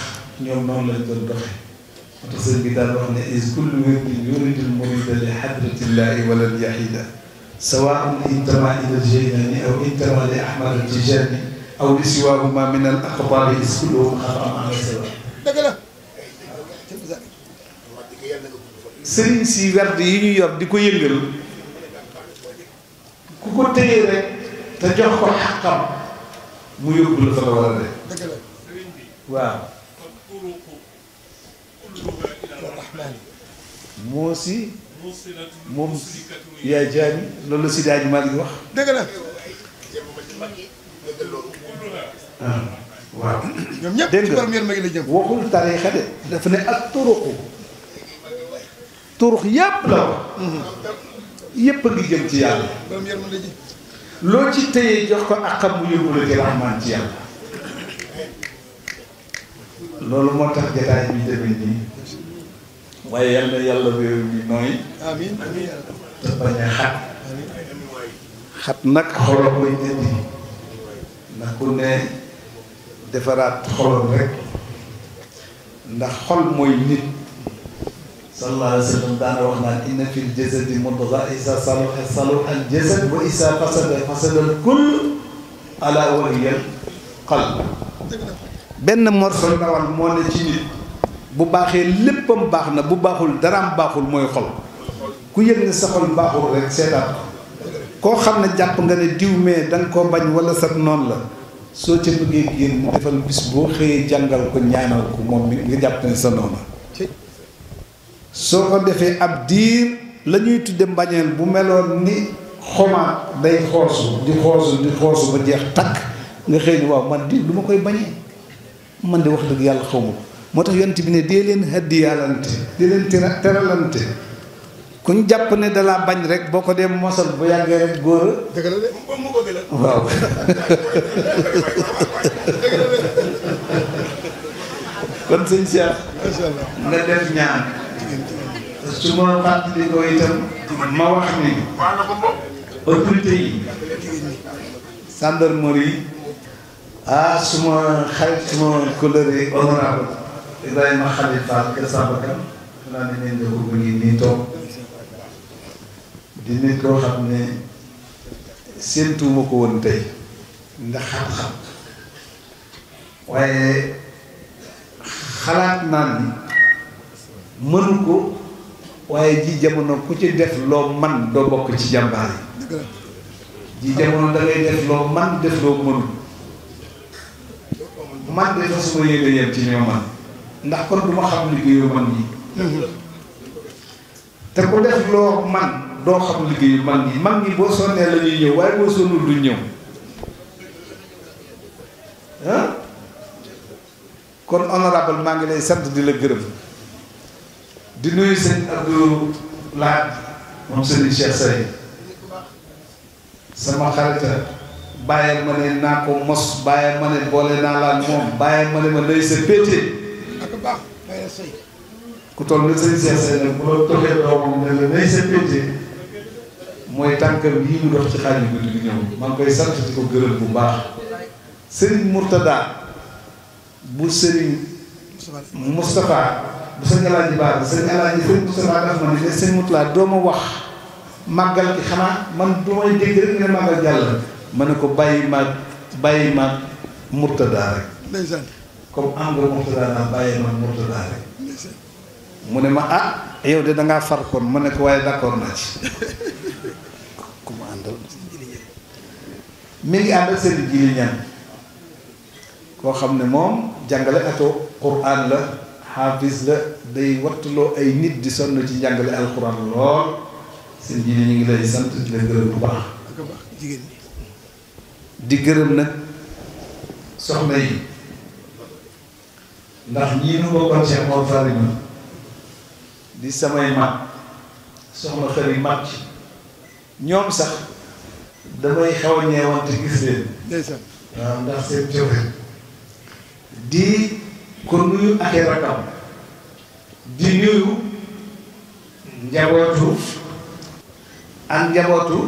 ñoom noonu lañ doon doxe moo tax sëñ bi daal wax ne is kullu wirdin yuridul murida li hadratillahi walan yahida sawaan intama ila jeynani aw intama li ahmad tijani aw li siwaahuma min al aqtabi is kulluhum xatam ala sawa sëriñ si werd yi ñu yor di ko yëngal ku ko téye rek te jox ko xàqam mu yóbbu la fa la war a waaw moo si moom yaa jaani loolu la si daaji maa ngi wax dëgg la ah, waaw ñoom la jëm waxul tariixa de dafa ne ak turuqu turux yépp la ko yépp a ngi ci yàlla loo ci téye jox ko akam mu yóbbu ci raxmaan ci yàlla loolu moo tax jataay bi demee nii waaye yal yàlla réew mi nooy xat xat nag xolo koy indi ndax ku ne defaraat xolom rek ndax xol mooy nit sallallahu alayhi wa sallam daana wax naan inna fil jasadi mudga isa saluha saluha al jasad wa isa fasada fasada al kull ala wa hiya al qalb benn morso ndawal moo ne ci nit bu baaxee léppam baax na bu baaxul daraam baaxul mooy xol ku yëg ne sa xol baaxul rek seetaat ko koo xam ne jàpp nga ne diw mee da nga koo bañ wala sa noonu la soo ca bëggee génn defal bis boo xëyee jàngal ko ñaanal ko moom mi nga jàpp ne sa noonu soo ko defee ab diir la ñuy tudde mbañeel bu meloon ni xomaat day xoosu di xoosu di xoosu ba jeex takk nga xëy ni waaw man di lu ma koy bañee man de wax dëgg yàlla xaw ma moo tax yonent bi ne dee leen haddiyaalante dee leen jàpp ne dalaa bañ rek boo ko dee mosal bu yàggee rek góor a <laughs> def ñaan su ma fàttalikoo itam ma wax ni autorité yi gendarmerie ah suma xarit suma coloré honorable Ibrahima Khalil Fall kër Sàmbakan xanaa ne neen dako mu nii toog di nit koo xam ne séentuwuma ko woon tey ndax xam-xam waaye xalaat naan ni mënu ko waaye jii jamono ku ci def loo man doo bokk ci jàmbaar yi ji jamono da def loo man def loo mënul man de fas ma yéene yem ci ñoo man ndax kon du ma xam liggéeyu man yi te ku def boo sonnee la ñëw waaye boo sonnul du ñëw ah kon honorable maa ngi lay sant di la gërëm di nuyu sëñ Abdou Lahat moom sëñ Cheikh Seye sama xarita bàyyi ma ne naa ko mos bàyyi ma ne boole naa laal moom bàyyi ma ne ma nay sa pété ku toll na sëñ Cheikh Seye nag bu la toxee doomam ne la nay sa pété mooy tànkam yii mu dox ci xaaju guddi bi ñëw maa ngi koy sant di ko gërëm bu baax sëriñ Mourtada bu sëriñ Moustapha bu sëñ Alaaji Baara sëñ Alaaji sëñ Moustapha daf ma ne ne sëñ doo ma wax màggal ki xanaa man du may dégg rek nga màggal jàll ma ne ko bàyyi ma bàyyi ma murtada rek mu ne ma ah yow de dangaa far kon ma ne ko waaye d'accord naa ci mu ngi àndal sëriñ ji koo xam ne moom jàngale ato Quraan la xaafis la day waxtuloo ay nit di sonn ci njàngale alxuraan lool seen ji ñu ngi lay sant di la gërëm bu baax di gërëm nag soxna yi ndax ñii nu bokkoon Cheikh Mor Farima di samay mag soxna xëri mag ci ñoom sax damay xaw a ñeewante gis leen waaw ndax seen cofeel di kon nuyu ak i rakkam di nuyu njabootu ak njabootu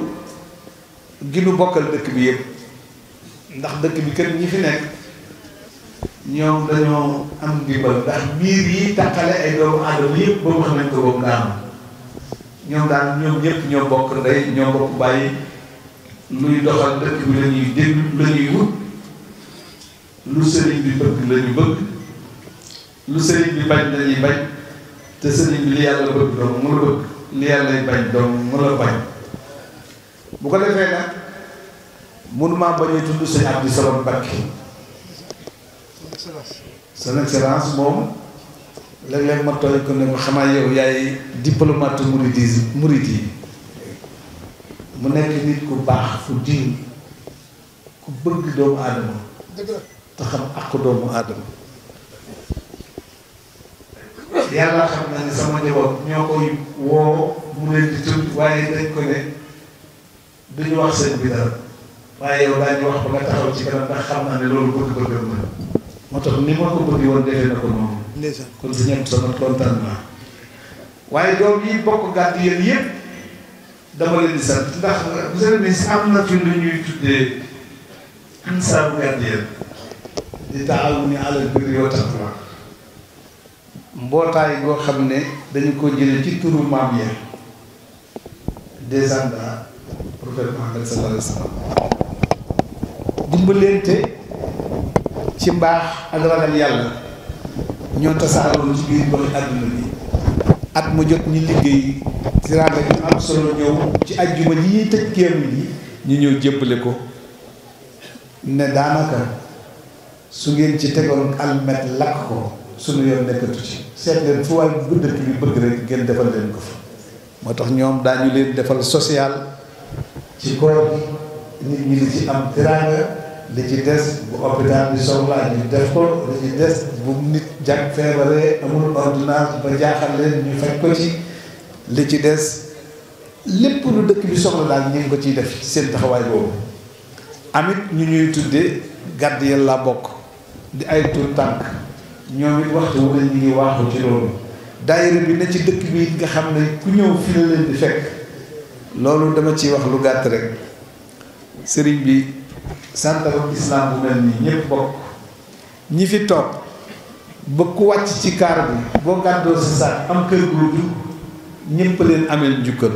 gi nu bokkal dëkk bi yëpp ndax dëkk bi kër ñi fi nekk ñoom dañoo am ndimbal ndax miir yi tàqale ay doomu aadama yëpp ba xam nañ ko boobu daanu ñoom daal ñoom ñëpp ñoo bokk ndey ñoo bokk bàyyi luy doxal dëkk bi la ñuy déglu wut lu sëriñ bi bëgg la bëgg lu sëriñ bi bañ dañuy bañ te sëriñ bi li yàlla bëgg doom mu la bëgg li yàlla bañ doom mu la bañ bu ko defee nag mënumaa bañ a tudd sëñ Abdou Salam Mbacké son excellence moom léeg-léeg ma tooy ko ne ma xamaa yow yaay diplomate muridis murid yi mu nekk nit ku baax fu diin ku bëgg doomu aadama te xam ak doomu aadama yàlla xam na ne sama njaboot ñoo koy woo mu leen di tudd waaye dañ ko ne duñu wax sëñ bi dara waaye yow daañu wax ba nga taxaw ci kanam ndax xam naa ne loolu bëgg-bëggam la moo tax ni ma ko bëgg woon defee na ko noonu. ndeysaan kon si ñoom sama kontaan naa. waaye doom yi bokk gàtt dama leen di sant ndax monsieur le ministre am na fi lu ñuy tuddee ansaabu gàtt yéen di taawuni alal birri wa taqwa mbootaay goo xam ne dañu ko jële ci turu maam ya des anda prophète Muhammad sallallahu alayhi wa sallam ci mbaax ak ragal yàlla ñoo tasaaroon ci biir goxi àdduna bi at mu jot ñu liggéey ci rànd ak solo ñëw ci ajjuma ji ñuy tëj kéem yi ñu ñëw jébbale ko ne daanaka su ngeen ci tegoon almet lakk ko suñu yoon nekkatu ci seet leen fu waay bu dëkk bi bëgg rek ngeen defal leen ko fa moo tax ñoom daañu leen defal social ci koor bi nit ñi li ci am teraanga li ci des bu hôpital bi soxlaa ñu def ko li ci des bu nit jàkk feebaree amul ordonnance ba jaaxal leen ñu faj ko ci li ci des lépp lu dëkk bi soxla daal ñu ko ciy def seen taxawaay boobu amit ñu ñuy tuddee gàdd yàlla laa bokk di ay tuur tànk ñoom it waxtu wu ne ñu ngi waaxu ci loolu daayira bi na ci dëkk bi nga xam ne ku ñëw fi la leen di fekk loolu dama ci wax lu gàtt rek sëriñ bi santalu islam bu mel nii ñëpp bokk ñi fi toog ba ku wàcc ci kaar bi boo gàddoo si saak am kër gu lu leen amee njukkal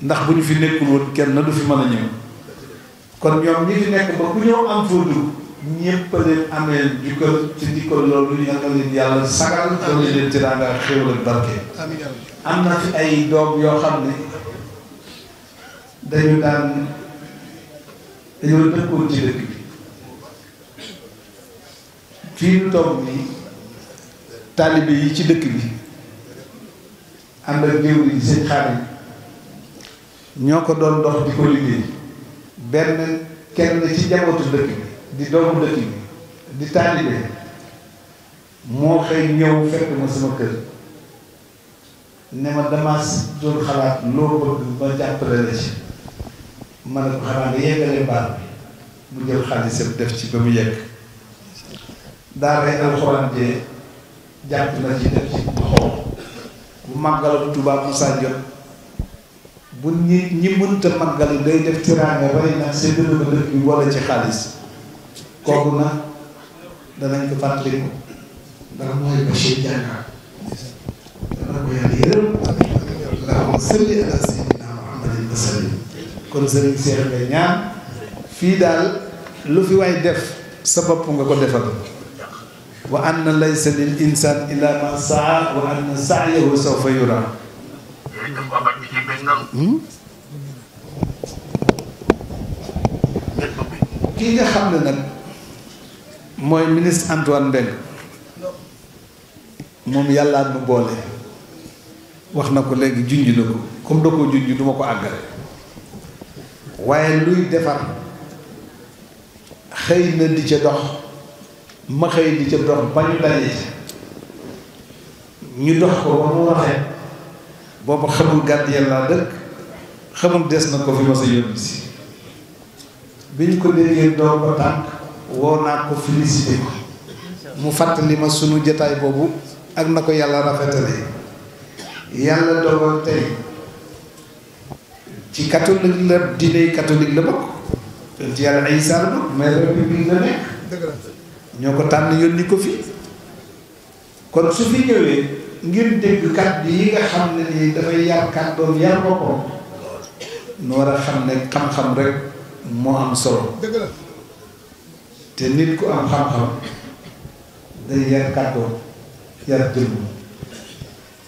ndax bu ñu fi nekkul woon kenn na du fi mën a ñëw kon ñoom ñi fi nekk ba ku ñëw am foo dugg ñëpp leen amee jukkal ci dikkal loolu yal na leen yàlla sagal doole leen teraanga ak xéwal ak barke am na fi ay doom yoo xam ne dañu daan dañoo dëkkoon ci dëkk bi fii lu toog nii taalibe yi ci dëkk bi ànd ak géwél yi seen xaalis ñoo ko doon dox di ko liggéey benn kenn ci njabootu dëkk bi di doomu dëkk bi di taalibe moo xëy ñëw fekk ma sama kër ne ma damaa doon xalaat loo bëgg ba jàppale la ci ma ne ko xanaa nga yeggalee baal bi mu jël xaalisam def ci ba mu yegg daa rey alxuraan jee jàpp na ci def ci bu xaw bu màggalu Tuubaa Musaa jot bu ñi ñi mënta màggal day def tiraanga rey na ko dëkk bi wala ci xaalis kooku na danañ ko fàttaliku ndax mooy Bachir Dianga dana ko yàlla yërëm allahumma salli ala sayyidina muhammadin wa sallim kon sëriñ Cheikh ngay ñaan fii daal lu fi waay def sa bopp nga ko defal wa anna laysa lil insaan illa ma saa wa anna sa'yahu sawfa yura hmm? kii nga mooy ministre Antoine Mbeng moom yàllaa nu boole wax na ko léegi junj na ko comme da koo junj duma ko àggale waaye luy defar xëy na di ca dox ma xëy di ca dox ba ñu daje ñu dox ko ba mu waxee boobu xamul gàtt yàllaa dëkk xamul des na ko fi ma sa yónni bi ñu ko déggee doo ko tànk woo naa ko félicité ko mu fàttali ma sunu jataay boobu ak na ko yàlla rafetale yàlla dogal tey ci catholique la diine catholique la bokk ci yàlla ay isaar bokk mais république la nekk ñoo ko tànn yónni ko fi kon su fi ñëwee ngir dégg kàddu yi nga xam ne nii dafay yar kàddoom yar boppam nu war a xam ne xam-xam rek moo am solo te nit ku am xam-xam day yar kàddoom yar jëmm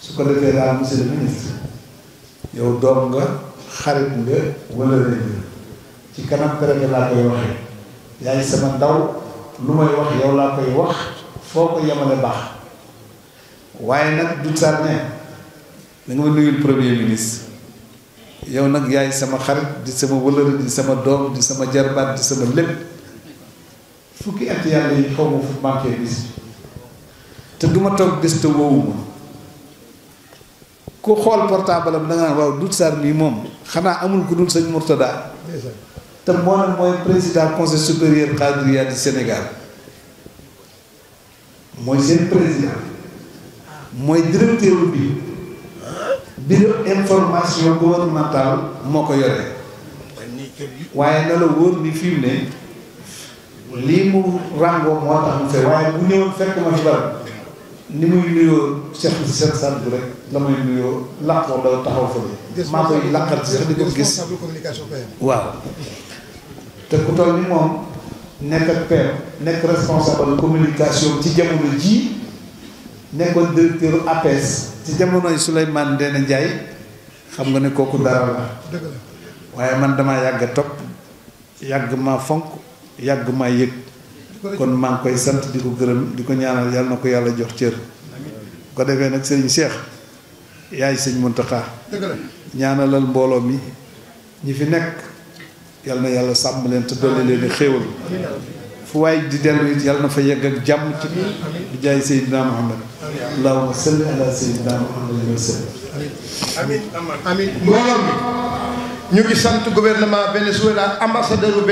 su ko defee daal monsieur ministre yow doom nga xarit nga wala rajo ci kanam préfet laa koy waxee yaay sama ndaw lu may wax yow laa koy wax foo ko yemale baax waaye nag du saa ne da nga ma nuyul premier ministre yow nag yaay sama xarit di sama wëlëri di sama doom di sama jarbaat di sama lépp. fukki at yàlla yi xaw ma fu manqué bis te du ma toog te woowuma ku xool portable am da nga naan waaw Doudou Sarr mii moom xanaa amul ku dul sëñ Mourtada te moo ne mooy président conseil supérieur Khadriya du Sénégal mooy seen président mooy directeur bi bureau information gouvernementale moo ko yore waaye na la wóor ni fi ne lii mu ràngoo moo tax mu fee waaye bu ñëwoon fekk ma fi dara ni muy nuyoo Cheikh bi Cheikh Sadou rek la muy nuyoo làqoo daw taxaw fa bi maa koy làqal ci sax di ko gis waaw te ku toll ni moom nekk ak père nekk responsable communication ci jamono ji nekkoon directeur APS ci jamonoy Souleymane Ndéné Ndiaye xam nga ne kooku dara la waaye man damaa yàgg a topp yàgg maa fonk yàgg maa yëg kon maa koy sant di ko gërëm di ko ñaanal yàlla na ko yàlla jox cër ko defee nag sëriñ seex yaay sëñ Muntaxa ñaanalal mbooloo mi ñi fi nekk yàlla na yàlla sàmm leen te dolli leen di xéewal fu waay di dellu it yàlla na fa yegg ak jàmm ci di jaay Seydina Muhammad allahumma salli ala Seydina Muhammad wa sallam amin amin ngi sant gouvernement Venezuela ambassadeur bu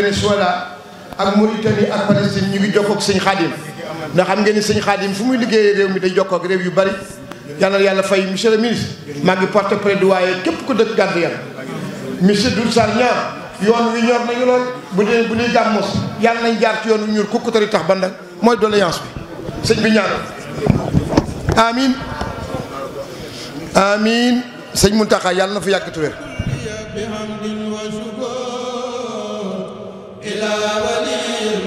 ak Mauritanie ak Palestine ñu ngi jokkoo ak sëñ Xaadim ndax xam ngeen ni sëñ Xaadim fu muy liggéeyee réew mi day jokkoo ak réew yu bari yal na yàlla fay monsieur le ministre maa ngi porte plaidoyer képp ku dëkk gàddu yàlla monsieur Doudou Sarr ñaar yoon wi ñor nañu lool bu dee bu ñuy gàmmos yàlla nañ jaar ci yoon wi ñuur kukkutari tax ba ndag mooy doléance bi sëñ bi ñaanal amin amin sëñ Muntaxa yàlla na fa yàgg tuwér ila wali